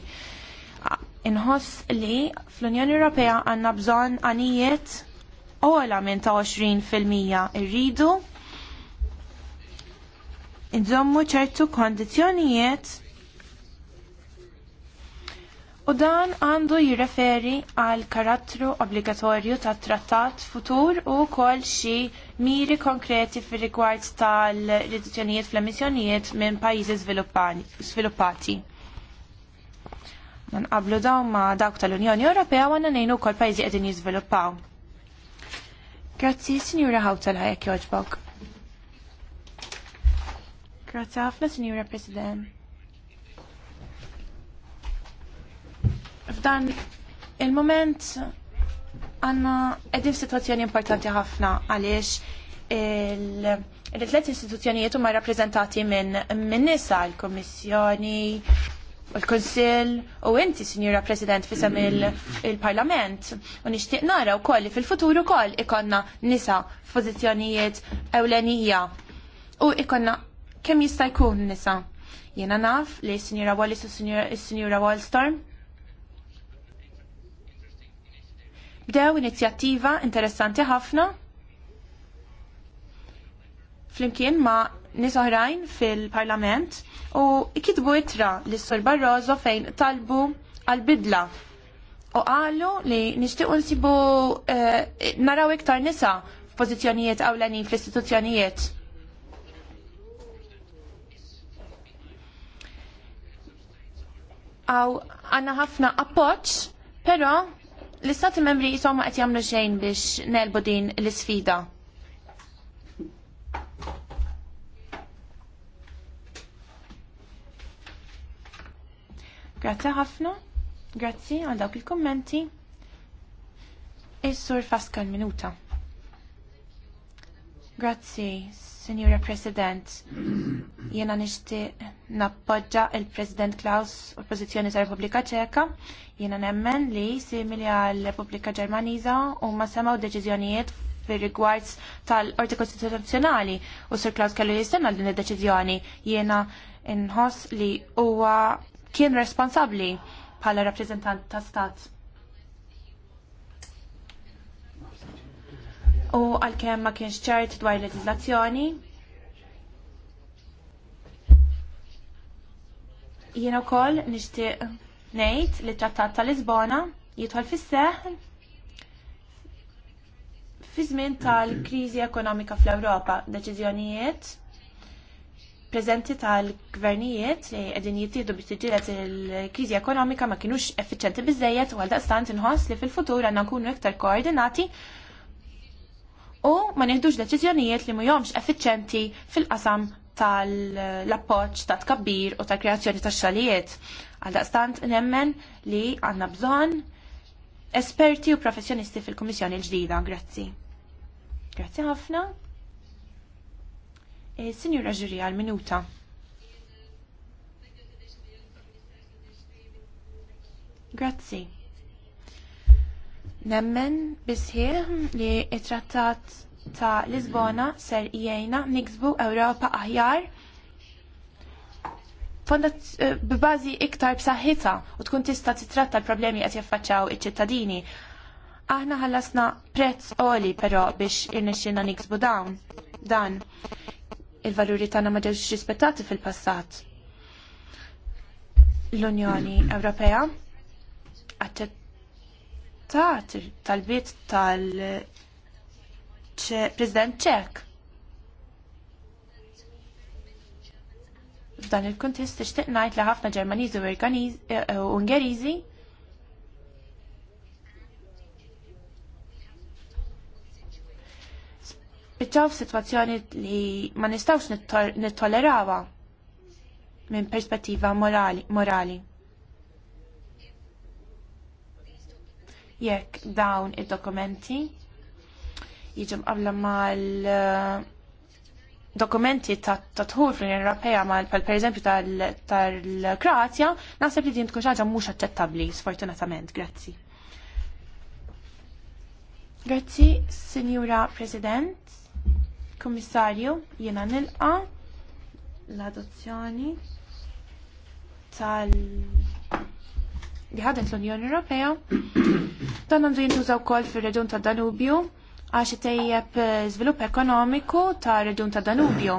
Inħoss li fl-Unjoni Ewropea għandna bżonn għanijiet ola minn ta' 20% irridu nżommu ċertu kondizjonijiet U dan għandu jirreferi għal karattru obbligatorju ta' trattat futur u kol xi miri konkreti fir rigward tal reduzzjonijiet fl-emissjonijiet minn pajjiżi sviluppati. qablu dawn ma' dawk tal-Unjoni Ewropea għandna ngħinu wkoll pajjiżi qegħdin jiżviluppaw. Grazzi, Sinjura Hawtel ħajek jogħġbok. Grazzi ħafna, Sinjura President. f'dan il-moment għanna edin situazzjoni importanti ħafna għaliex il-tlet istituzzjonijiet huma rappreżentati minn min nisa l-Kommissjoni, l-Konsil u inti, Sinjura President, fisem il-Parlament. U nixtieq nara wkoll fil-futur ukoll ikonna nisa f'pożizzjonijiet ewlenija u ikonna kemm jista' jkun nisa. Jiena naf li s-Sinjura Wallis u s-Sinjura Wallstorm bdew inizjattiva interessanti ħafna flimkien ma' nis oħrajn fil-parlament u ikidbu itra li sur Barroso fejn talbu għal-bidla u qalu li nixtiequ nsibu eh, naraw iktar nisa f'pożizzjonijiet għawlani fl-istituzzjonijiet. Għaw għanna ħafna appoċ, pero l-istati membri jisom għat qed jagħmlu xejn biex nelbu din l-isfida. Grazie ħafna, Grazie għal dawk il-kommenti. Is-sur Faskal minuta. Grazzi, Signora President, jena nishti nappoġġa il-President Klaus u l-pozizjoni ta' Repubblika Ċeka. Jena nemmen li simili għal Repubblika Ġermaniza u ma semaw deċiżjonijiet fir rigward tal-Orti Kostituzzjonali u Sir Klaus kellu jistenna din id-deċiżjoni. Jena nħoss li huwa kien responsabli bħala rappreżentant ta' stat. u għalkemm ma kienx ċert dwar leġiżlazzjoni. jien ukoll nixtieq ngħid li trattat ta' Lisbona jidħol fis-seħħ fi żmien tal-kriżi ekonomika fl-Ewropa, deċiżjonijiet preżenti tal-gvernijiet li qegħdin jittieħdu biex tiġilet il-kriżi ekonomika ma kinux effiċjenti biżejjed u daqstant inħoss li fil-futur għandna nkunu iktar koordinati u ma nieħdux deċiżjonijiet li mhumx effiċenti fil-qasam tal-appoċ ta' tkabbir u ta' kreazzjoni ta' xalijiet. Għaldaqstant nemmen li għanna bżon esperti u professjonisti fil-Komissjoni l-ġdida. Grazzi. Grazzi ħafna. E, Signora ġuri għal-minuta. Grazzi. Nemmen bisħieħ li it-trattat ta' Lisbona ser jgħina niksbu Ewropa aħjar fondat eh, b'bażi iktar b'saħħitha u tkun tista' titratta l-problemi qed jaffaċċaw iċ-ċittadini. Aħna ħallasna prezz oli però biex irnexxina niksbu dawn dan il-valuri tagħna ma ġewx rispettati fil-passat. L-Unjoni Ewropea aċċett taħt tal-bit tal-President ċek. F'dan il kontest ixtieq ngħid li ħafna Ġermaniżi eh, eh, u Ungeriżi spiċċaw f'sitwazzjoni li ma nistgħux nittolerawha minn perspettiva morali. morali. jekk dawn id-dokumenti jiġu qabla mal eh, dokumenti ta' tħur fl-Unjoni Ewropea mal per eżempju tal-Kroatja, naħseb li din tkun xaġa mhux aċċettabbli, sfortunatament, grazzi. Grazzi, Sinjura President, Kummissarju, jiena nilqa l-adozzjoni tal- li ħadet l-Unjoni Ewropea. Dan għandu jintużaw kol fil-reġun ta' Danubju għax tejjeb eh, żvilupp ekonomiku ta' reġun ta' Danubju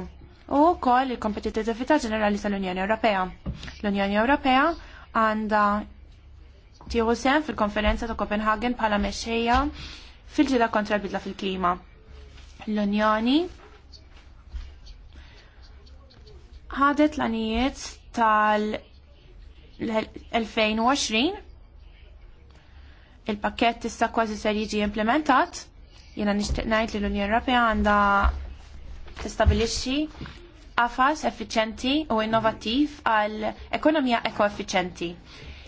u kol il-kompetitività ġenerali tal-Unjoni Ewropea. L-Unjoni Ewropea għanda tieħu sem fil-konferenza ta' Copenhagen bħala mexxejja fil-ġila kontra l-bidla fil-klima. L-Unjoni ħadet l-anijiet tal- l-2020 il-pakket issa kważi ser jiġi implementat jiena nixtieq ngħid li l-Unjoni Ewropea għandha tistabilixxi qafas effiċenti u innovattiv għal ekonomija ekoeffiċjenti.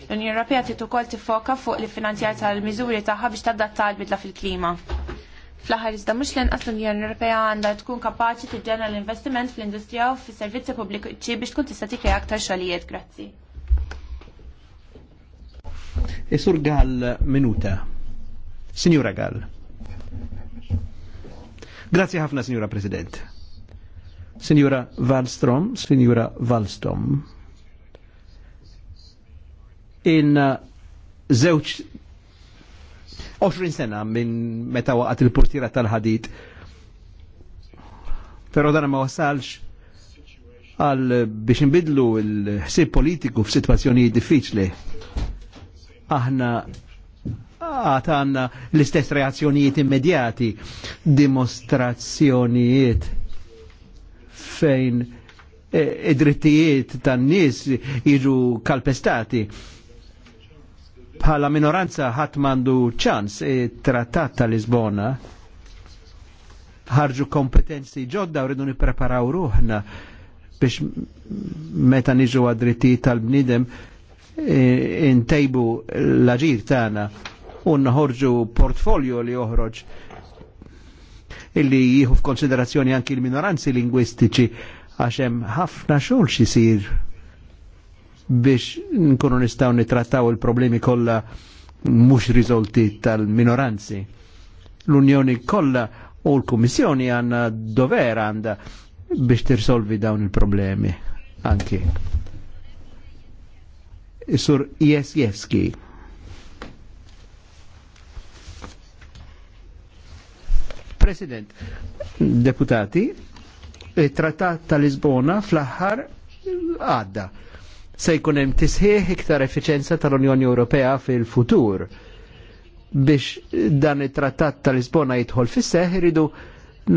L-Unjoni Ewropea trid ukoll tiffoka fuq l finanzjar tal-miżuri tagħha biex tadatta l-bidla fil-klima. Fl-aħħar iżda mhux l-inqas l-Unjoni Ewropea għandha tkun kapaċi tiġġenera l-investiment fl-industrija u fis-servizzi pubbliċi biex tkun tista' tikkrea aktar xogħlijiet. Grazzi. Isur e Gal minuta. Signora Gal. Grazie ħafna, Signora President. Signora Wallstrom, Signora Wallstrom. In uh, zewċ 20 sena minn meta waqgħet il-portira tal-ħadid. Però dan ma wasalx għal biex nbidlu l-ħsib politiku f'sitwazzjoni diffiċli aħna għatanna l-istess reazzjonijiet immedjati, dimostrazzjonijiet fejn e, id-drittijiet tan-nies jiġu kalpestati bħala minoranza ħadd mandu ċans it-trattat e, ta' lisbona ħarġu kompetenzi ġodda u rridu nippreparaw ruħna biex meta niġu għad-drittijiet tal-bnidem Eh, intejbu l-aġir tagħna u nħorġu portfolio li joħroġ illi jieħu f'konsiderazzjoni anki l-minoranzi lingwistiċi għax hemm ħafna xogħol xisir biex nkunu nistgħu nitrattaw il-problemi kollha mhux riżolti tal-minoranzi. L-Unjoni kollha u l-Kummissjoni għandna dover għandha biex tirsolvi dawn il-problemi anki. Isur Jesjewski. President, deputati, il-Trattat tal-Lisbona fl-aħħar għadda. Se jkun hemm tisħiħ iktar effiċenza tal-Unjoni Ewropea fil-futur. Biex dan it-Trattat ta' lisbona jidħol fis-seħ iridu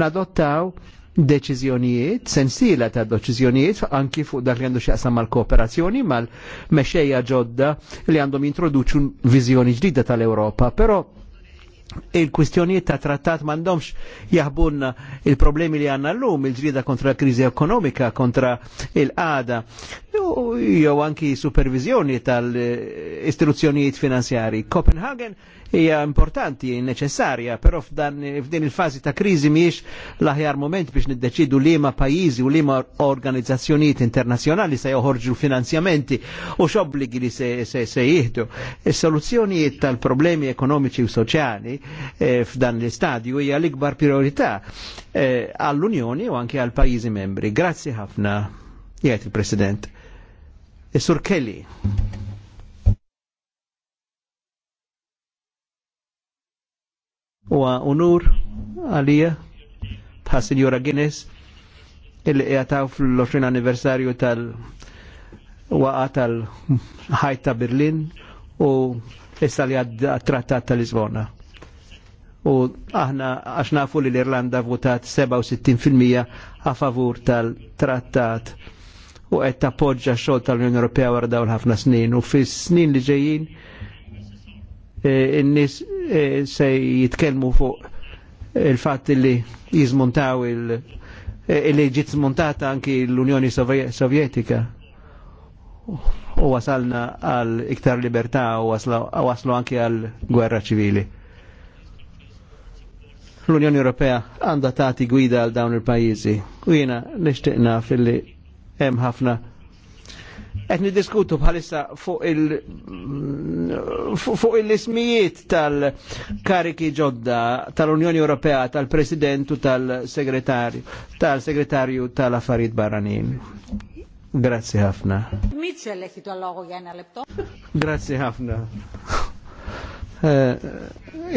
nadottaw deċiżjonijiet, sensila ta' deċizjonijiet, anki fuq dak li għandu xaqsam mal-kooperazzjoni mal-mexxejja ġodda li għandhom jintroduċu viżjoni ġdida tal europa però il-kwistjonijiet ta' trattat mandomx jaħbunna il-problemi li għanna l-lum, il-ġrida kontra krizi ekonomika, kontra il-qada, jew anki supervizjoni tal-istituzzjonijiet finanzjari. Copenhagen hija importanti, neċessarja, però f'din il-fazi ta' kriżi miex l-aħjar moment biex niddeċidu li ma pajjiżi u li ma organizzazzjonijiet internazzjonali se joħorġu finanzjamenti u x'obbligi li se, se, se jihdu. Is-soluzzjonijiet tal-problemi ekonomiċi u soċjali eh, f'dan l-istadju hija l-ikbar priorità eh, għall-Unjoni u anke għall pajjiżi membri. Grazzi ħafna, jgħid il-President. Is-Sur e Kelly. u unur għalija ta' Signora Guinness illi jgħataw fl-20 anniversarju tal-waqa tal ħajta Berlin u issa li għad-trattat tal-Lisbona. U aħna għax nafu li l-Irlanda votat 67% a favur tal-trattat u qed tappoġġa xogħol tal-Unjoni Ewropea wara dawn ħafna snin u fis-snin li ġejjin eh, in-nies E, se jitkelmu fuq il-fat li jizmontaw il- e, li ġiet smontata anki l-Unjoni Sovjetika. U wasalna għal iktar libertà u waslu anki għal gwerra ċivili. L-Unjoni Ewropea għandha tagħti gwida għal dawn il-pajjiżi. U jiena fil-li hemm ħafna qed diskutu bħalissa fuq il ismijiet fu il tal-kariki ġodda tal-Unjoni Ewropea tal-Presidentu tal-Segretarju tal-Segretarju tal-Affarijiet Barranin. Grazzi ħafna. Mitchell qed jitollogu jena lebto. Grazzi ħafna. Eh,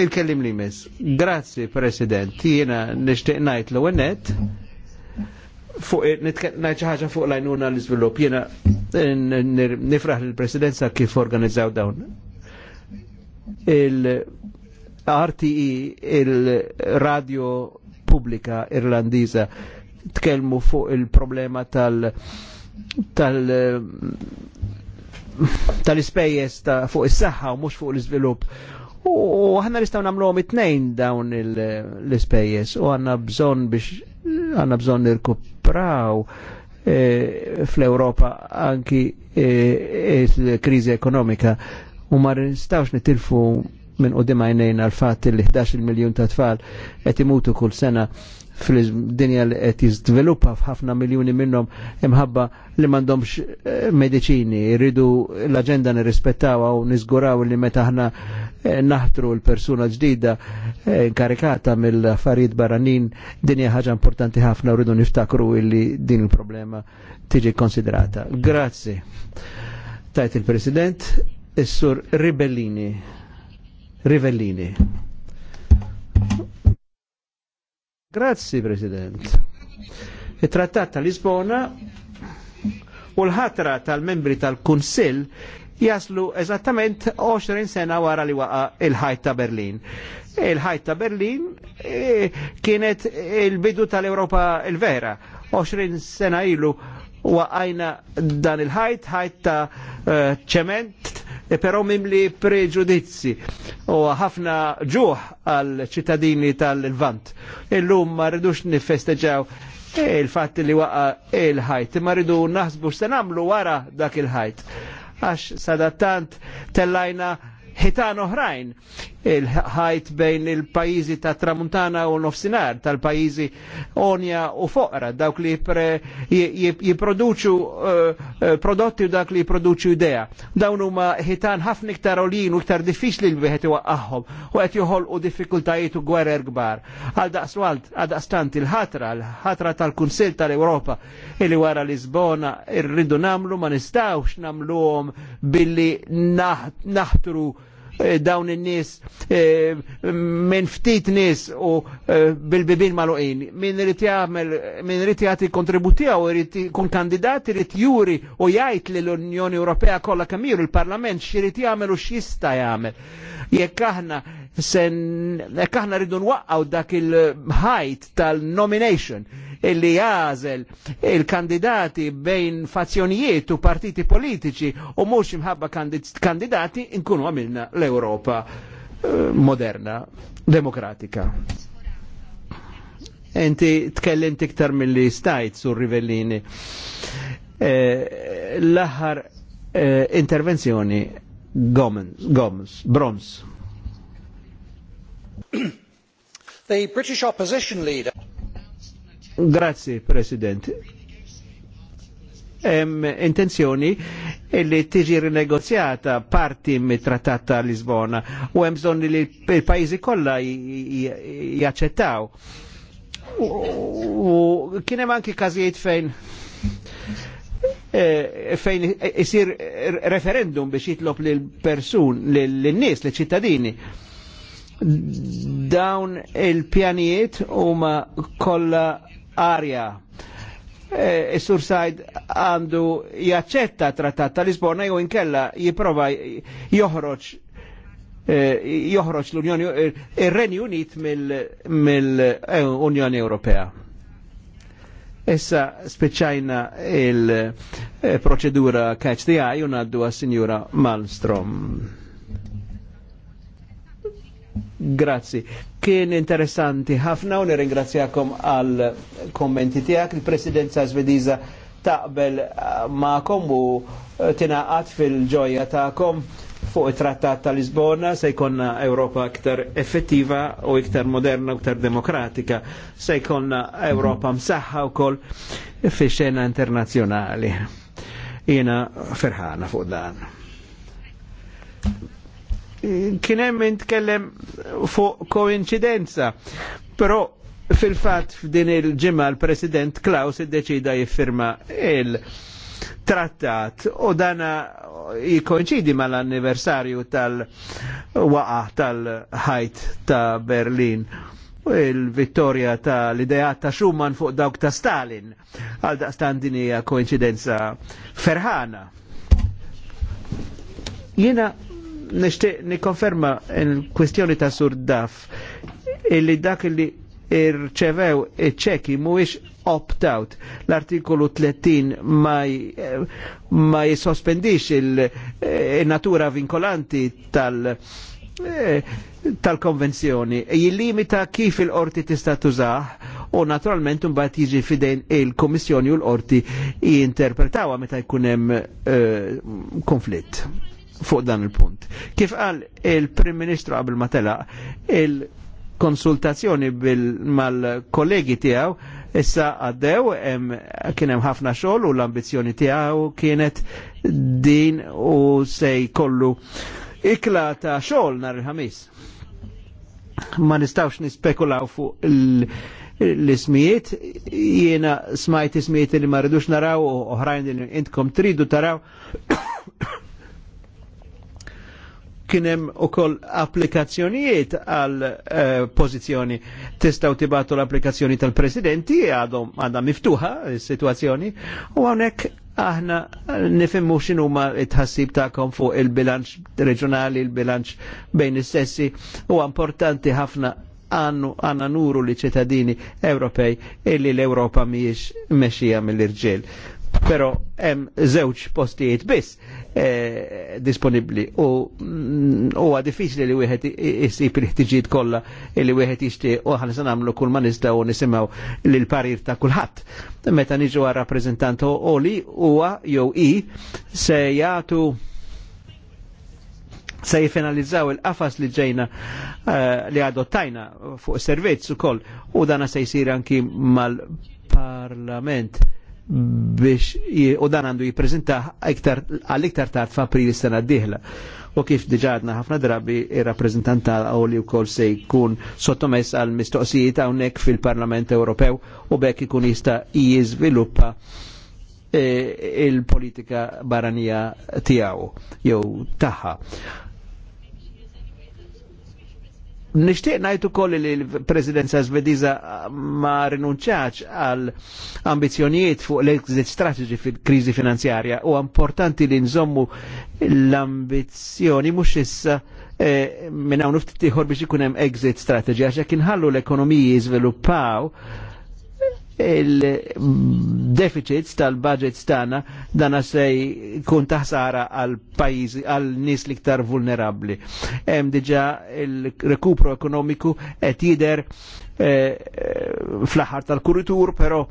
il-kellim li mis. Grazzi, President. Jena nishtiq najt l-għennet fuq nitkellem ħaġa fuq lajnuna l izvilup Jena eh, nifraħ l presidenza kif organizzaw dawn. Il-RTE, il-radio pubblika irlandiza, tkelmu fuq il-problema tal- tal tal ispejjes ta' fuq is-saħħa u mhux fuq l-iżvilupp. U ħanna nistgħu nagħmluhom it-tnejn dawn l ispejjes u għandna bżonn biex għanna bżon nirkupraw e, fl-Europa anki eh, eh, l krizi ekonomika u ma nistawx nitilfu minn u għajnejn għal fat li 11 miljun ta' tfal qed imutu kull sena fil-dinja li qed jiżviluppa f'ħafna miljuni minnhom imħabba li m'għandhomx mediċini, jridu l-aġenda nirrispettawha u niżguraw li meta aħna Eh, naħtru l-persuna ġdida eh, inkarikata mill-affarijiet barranin dinja ħaġa importanti ħafna rridu niftakru illi din il-problema tiġi konsiderata. Grazzi. Tajt il-President, is-sur Ribellini. Ribellini. Grazzi, President. Il-Trattat tal-Lisbona u l-ħatra tal-membri tal-Kunsill jaslu eżattament 20 sena wara li waqa il-ħajt ta' Berlin. Il-ħajt ta' Berlin e, kienet il-bidu tal-Europa il-vera. 20 sena ilu waqajna dan il-ħajt, ħajt ta' e, ċement, e, però mimli preġudizzi u ħafna ġuħ għal ċittadini tal-Vant. Illum ma rridux nifesteġaw il-fatt li waqa il-ħajt, ma rridu naħsbu x'se nagħmlu wara dak il-ħajt għax sadattant tellajna ħitan oħrajn il-ħajt bejn il-pajizi ta' tramuntana u nofsinar tal-pajizi onja u foqra dawk li jiproduċu eh, eh, prodotti u dawk li jiproduċu idea dawn huma ħitan ħafna iktar olin u iktar diffiċli li wieħed iwaqqaħħom u qed joħolqu diffikultajiet u gwerer kbar. Għal walt għal daqstant il-ħatra, l-ħatra tal-Kunsill tal-Ewropa li wara Lisbona irridu namlu ma nistawx namluhom billi naħtru nah Eh, dawn in-nies eh, minn ftit nies u eh, bil-bibin maluqin. Min irid jagħmel min irid jagħti kontributi u irid jkun kandidat irid juri u jgħid li l-Unjoni Ewropea kollha kemm il-Parlament x'irid jagħmel u x'jista' jagħmel. Jekk aħna sen jekk aħna rridu nwaqqaw dak il-ħajt tal-nomination illi jażel il-kandidati bejn fazzjonijiet u partiti politiċi u mhux imħabba kandidati inkunu għamilna l-Ewropa eh, moderna, demokratika. Enti tkellimt iktar mill-li stajt sur Rivellini. Eh, l-aħħar eh, intervenzjoni Gomes, Broms. The British opposition leader. Grazie, President. Em, intenzjoni illi tiġi rinegozjata parti mit-trattat ta' Lisbona u hemm bżonn li l-pajjiżi kollha jaċċettaw. U kien hemm anki każijiet fejn eh, fejn isir referendum biex jitlob lil persun lin nies lil ċittadini. Li Dawn il-pjanijiet ma kolla arja. e, Sajd għandu jaċċetta trattat tal Lisbona jew inkella jiprova joħroġ e, joħroġ l-Unjoni ir-Renju Unit mill-Unjoni Ewropea. Issa speċajna il-proċedura catch the eye unaddu għas-Sinjura Malmstrom. Grazzi. Kien interessanti ħafna u nirringrazzjakom għal kommenti tiegħek. Il-Presidenza Svediża taqbel eh, ma'kom u eh, tingħaqad fil-ġoja ta'kom fuq it-trattat ta' Lisbona se jkonna Ewropa aktar effettiva u iktar moderna u iktar demokratika. Se jkonna Ewropa msaħħa wkoll fi xena internazzjonali. Jiena ferħana fuq dan kienem intkellem fuq koincidenza, però fil-fat f'din il-ġimma l-President Klaus id-deċida jiffirma il-trattat u dana jikonċidi mal-anniversarju tal-waqa tal-ħajt ta' Berlin il-vittoria ta' l-idejat ta' Schumann fuq dawk ta' Stalin għal da' dinija koincidenza ferħana. Jena nishtiq nikonferma il-kwestjoni ta' sur daf illi dak illi irċevew ċeki mhuwiex opt-out. L-artikolu 30 ma, jisospendix il-natura eh, vinkolanti tal- eh, tal-konvenzjoni. Jillimita kif il-qorti tista' tużah u naturalment mbagħad jiġi fidejn il-Kummissjoni u l orti jinterpretawha meta jkun hemm uh, konflitt fuq dan il-punt. Kif qal il-Prim Ministru qabel ma telaq, il-konsultazzjoni mal-kollegi tiegħu issa għaddew kien hemm ħafna xogħol u l-ambizzjoni tiegħu kienet din u se jkollu ikla ta' xogħol nhar il-ħamis. Ma nistawx nispekulaw fuq l-ismijiet, jiena smajt ismijiet li ma rridux naraw u oħrajn li intkom tridu taraw kienem u koll applikazzjonijiet għal eh, pozizjoni. Tistaw tibatu l-applikazzjoni tal-presidenti għadhom għadha miftuħa situazzjoni u għonek aħna nifimmu xinu ma tħassib ta' fuq il-bilanċ reġjonali, il-bilanċ bejn istessi u importanti ħafna għannu għanna nuru li ċittadini Ewropej illi l-Europa miex meċija mill-irġiel. Pero hemm żewġ postijiet biss Eh, disponibli u mm, huwa diffiċli li wieħed isib il-ħtiġijiet kollha li wieħed jixtieq u aħna se nagħmlu kull ma nistgħu nisimgħu lil parir ta' kulħadd. Meta niġu għal rappreżentant oli huwa jew i se jagħtu se jifinalizzaw il-qafas li ġejna uh, li adottajna fuq servizz ukoll u dana se jsir anki mal-parlament biex u dan għandu jiprezenta għal-iktar tard f'April sena d-dihla. U kif diġadna ħafna drabi il-rappresentant għoli u kol se jkun sottomess għal-mistoqsijiet għonek fil-Parlament Ewropew u bekk ikun jista jizviluppa eh, il-politika barranija tijaw, jew taħħa. Nishtiq najtu koll li l-Presidenza Svediza ah, ma rinunċaċ għal ambizjonijiet fuq l-exit strategy fil-krizi finanzjarja u importanti li nżommu l-ambizjoni mux issa eh, minna unufti tiħor biex ikunem exit strategy għaxa kienħallu l-ekonomiji jizviluppaw il-deficits tal-budget stana dana sej kun taħsara għal pajizi għal nis liktar vulnerabli. Hemm diġà il-rekupru ekonomiku qed jider Eh, eh, fl-aħħar tal-kuritur, però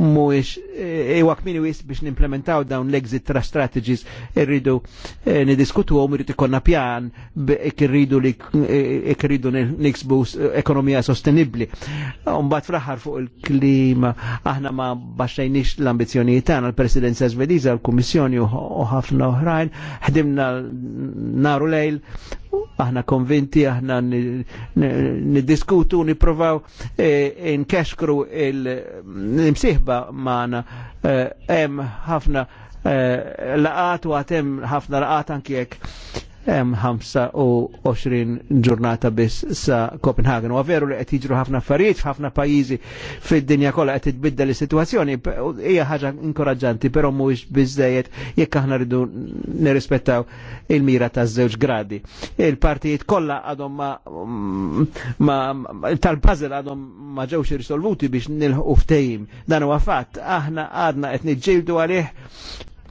mhuwiex eh, ewa kmini wis biex nimplementaw dawn l-exit tra strategies irridu nidiskutuhom irid konna pjan irridu li irridu niksbu ekonomija sostenibbli. Mbagħad fl-aħħar fuq il-klima aħna ma baxxejniex l-ambizzjonijiet tagħna għal presidenza Svediża, l-Kummissjoni u ħafna oħrajn, ħdimna naru lejl aħna konvinti, aħna niddiskutu, niprovaw e, il-msiħba maħna e, hemm ħafna e, laqat u għatem ħafna laqat anki hemm 25 ġurnata biss sa Copenhagen. U veru li qed jiġru ħafna affarijiet f'ħafna pajjiżi fid-dinja kollha qed titbiddel is-sitwazzjoni hija ħaġa inkoraġġanti, però mhuwiex biżejjed jekk aħna rridu nirrispettaw il-mira taż-żewġ gradi. Il-partijiet kollha għadhom ma, tal-puzzle għadhom ma ġewx irrisolvuti biex nilħu ftehim. Dan huwa fatt aħna għadna qed niġġieldu għalih,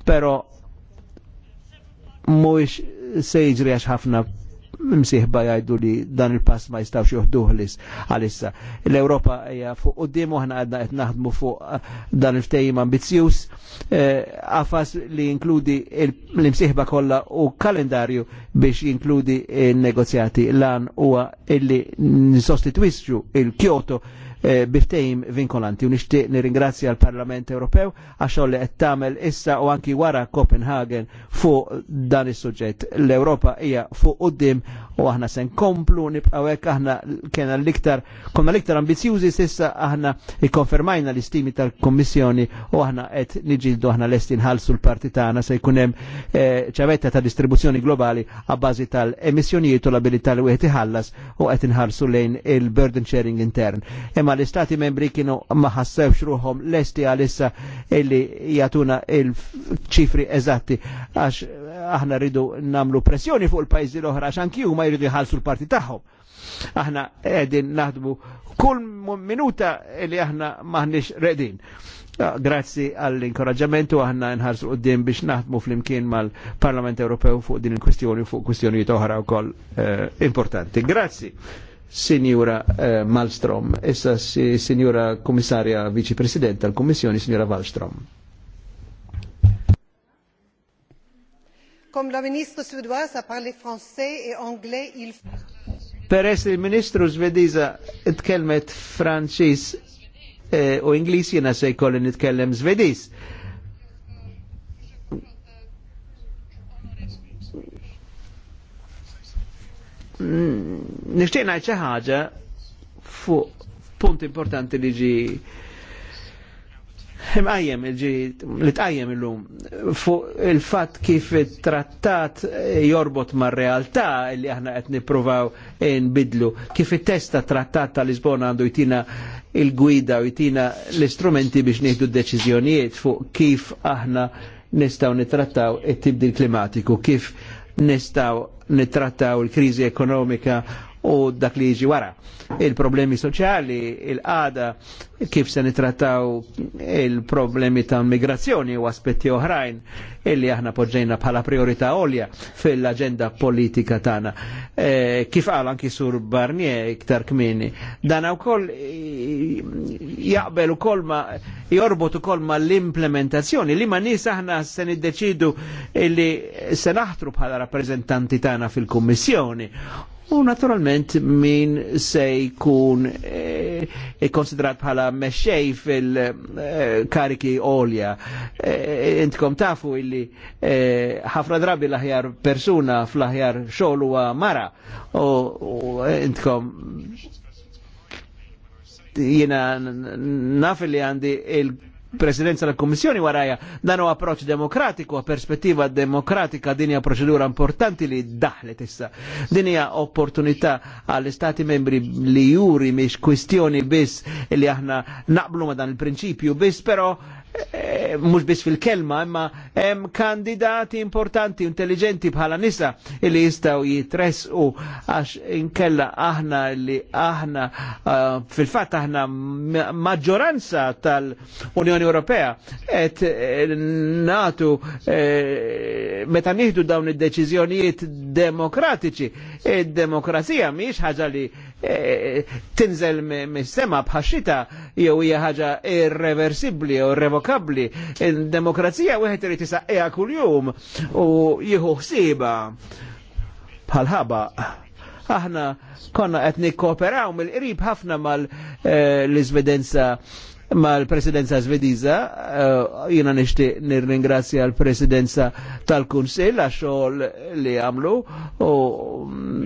però mhuwiex se jiġri għax ħafna msiħba jgħidu li dan il-pass ma jistawx juhduħ lis għalissa. L-Europa hija fuq d-dimu aħna għadna qed naħdmu fuq eh, dan il-ftehim ambizjus eh, għafas li inkludi l-imsiħba kollha u kalendarju biex jinkludi il-negozjati lan huwa illi nisostitwixxu il-Kyoto il kyoto Eh, biftejim vinkolanti. U nixtieq nirringrazzja l-Parlament Ewropew għax li qed tagħmel issa u anki wara Copenhagen fuq dan is-suġġett. L-Ewropa hija fuq quddiem u aħna se nkomplu nibqgħu hekk aħna kena l-iktar konna l-iktar ambizjużi sissa aħna ikkonfermajna l-istimi tal-Kommissjoni u aħna qed niġildu aħna lesti nħallsu l-parti tagħna se jkun hemm eh, ċavetta ta' distribuzzjoni globali għabbażi tal-emissjonijiet u l-abilità li wieħed iħallas u qed inħarsu lejn il-burden sharing intern. Imma imma l-istati membri kienu maħassewx ruħom lesti għalissa illi jatuna il-ċifri eżatti għax aħna rridu namlu pressjoni fuq il-pajzi l-oħra għax anki huma jridu jħallsu l-parti tagħhom. Aħna qegħdin naħdbu kull minuta illi aħna maħniex redin. Ah, grazzi għall-inkoraġġamentu aħna nħarsu għoddim biex naħdmu flimkien mal-Parlament Ewropew fuq din il-kwistjoni fuq kwistjonijiet oħra wkoll eh, importanti. Grazzi. Signora eh, Malmström, essa si, Signora Commissaria Vicepresidente al Commissione, Signora Wallström. Comme la ministre suédoise a parlé français et anglais, il Peress il-Ministru Svediża tkellmet Franċiż eh, u Ingliż sei se jkolli kelmet svedese. nixtieq ngħid xi ħaġa fuq punt importanti li ġi Imqajjem li tqajjem illum fuq il-fatt kif it-trattat jorbot mar realtà li aħna qed nippruvaw nbidlu, kif it testa trattat tal Lisbona għandu jtina il-gwida u jtina l-istrumenti biex nieħdu deċiżjonijiet fuq kif aħna nistgħu nittrattaw it-tibdil klimatiku, kif nistaw nitrattaw il-krizi ekonomika u dak li jiġi wara. Il-problemi soċjali, il-qada, kif se nitrattaw il-problemi ta' migrazzjoni u aspetti oħrajn illi aħna poġġejna bħala priorità olja fil-agenda politika tagħna. E, kif qal anki sur Barnier iktar kmini, dan wkoll jaqbel ukoll ma jorbot ukoll ma l-implementazzjoni li ma nies aħna se niddeċidu li se naħtru bħala rappreżentanti tagħna fil-Kummissjoni. U naturalment min se jkun e, e bħala mexxej fil-kariki eh, e, olja. Eh, intkom tafu illi ħafna drabi l-aħjar persuna fl-aħjar xogħol huwa mara. U intkom jina naf li għandi il-presidenza tal kommissjoni warajja dan huwa approċ demokratiku, a perspettiva demokratika din hija proċedura importanti li daħlet issa. Din hija opportunità għall stati membri li juri miex kwistjoni biss li aħna naqblu ma dan il-prinċipju biss, però Eh, mux bis fil-kelma, imma hemm kandidati importanti, intelligenti bħala nisa li jistaw u għax inkella aħna li aħna eh, fil-fat aħna maġġoranza tal-Unjoni Ewropea et eh, natu meta nieħdu dawn id-deċiżjonijiet demokratiċi. Id-demokrazija miex ħaġa li E, tinżel mis-sema b'ħaxita jew hija ħaġa irreversibbli u irrevokabbli. id demokrazija wieħed irid isaqqiha kuljum u jieħu ħsieba bħal ħaba. Aħna konna qed nikkooperaw mill-qrib ħafna mal-iżvidenza e, ma l-presidenza svediza, uh, jina nishti nir-ringrazzja l-presidenza tal-Kunsil għaxol li għamlu u,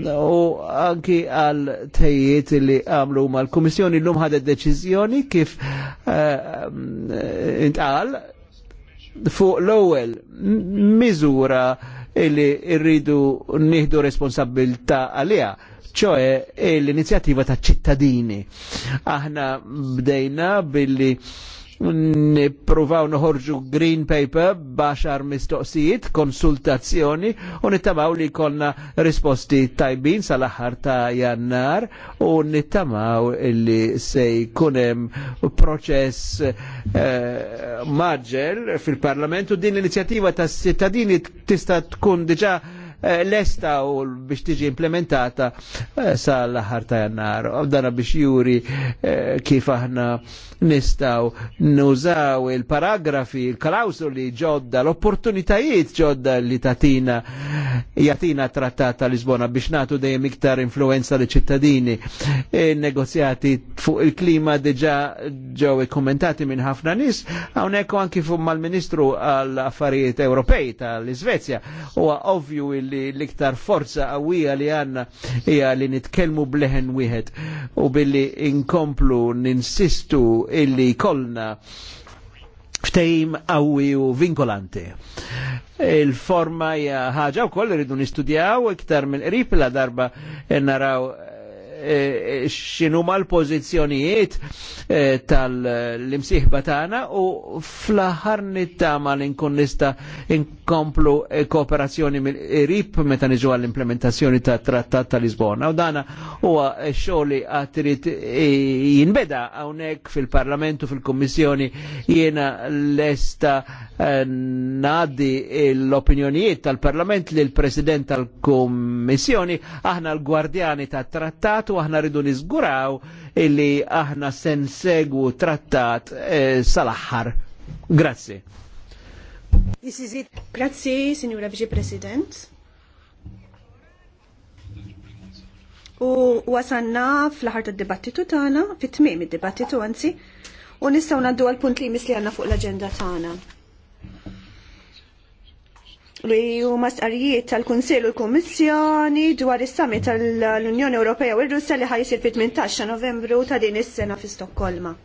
u anki għal tejiet li għamlu ma l-Komissjoni l-lum ħadet deċizjoni kif uh, intqal fuq l-ewwel miżura illi rridu nieħdu responsabilta għalija ċoe l-inizjattiva ta' ċittadini. Aħna bdejna billi nipruvaw noħorġu green paper baxar mistoqsijiet, konsultazzjoni u nittamaw li konna risposti tajbin sal axar ta' jannar u nittamaw li se jkunem proċess eh, maġġel fil parlamentu din l-inizjattiva ta' sittadini tista' tkun diġa' Eh, lesta u biex tiġi implementata eh, l ħar ta' jannar. Dana biex juri eh, kif aħna nistaw nużaw il-paragrafi, il-klausuli ġodda, l-opportunitajiet ġodda li tatina jatina trattata Lisbona biex natu dejjem iktar influenza li ċittadini. Negozjati fuq il-klima diġa ġew kommentati minn ħafna nis, hawnhekk anki fuq mal-Ministru għall-Affarijiet Ewropej tal-Iżvezja. Huwa ovvju il li l-iktar forza għawija li għanna hija li nitkellmu bleħen wieħed u billi inkomplu ninsistu illi kolna ftejm għawi u vinkolanti. Il-forma hija ħaġa koll rridu nistudjaw iktar minn qrib la darba naraw E, eh, eh, xinu l pozizjonijiet eh, tal-imsiħba tagħna u fl-aħħar nittama li nkun nista' komplu eh, kooperazzjoni mill-RIP eh, meta niġu għall-implementazzjoni ta' trattat ta' Lisbona. U dana huwa eh, xogħli għatrid jinbeda hawnhekk fil-Parlamentu fil-Kummissjoni jiena lesta nadi l-opinjonijiet tal-Parlament lil president tal-Kummissjoni aħna l-gwardjani ta' trattat u aħna rridu niżguraw illi aħna sensegwu trattat sal-aħħar. Grazie. Grazzi, Signora Vice President. U wasanna fl-ħar tad-dibattitu tagħna, fit-tmiem id-dibattitu anzi, u nistgħu naddu għal punt li misli għandna fuq l-aġenda tagħna. Li huma stqarrijiet tal-Kunsill u l-Kummissjoni dwar is-summit tal-Unjoni Ewropea u r russa li ħajsir fit-18 Novembru ta' din is-sena fi Stokkolma.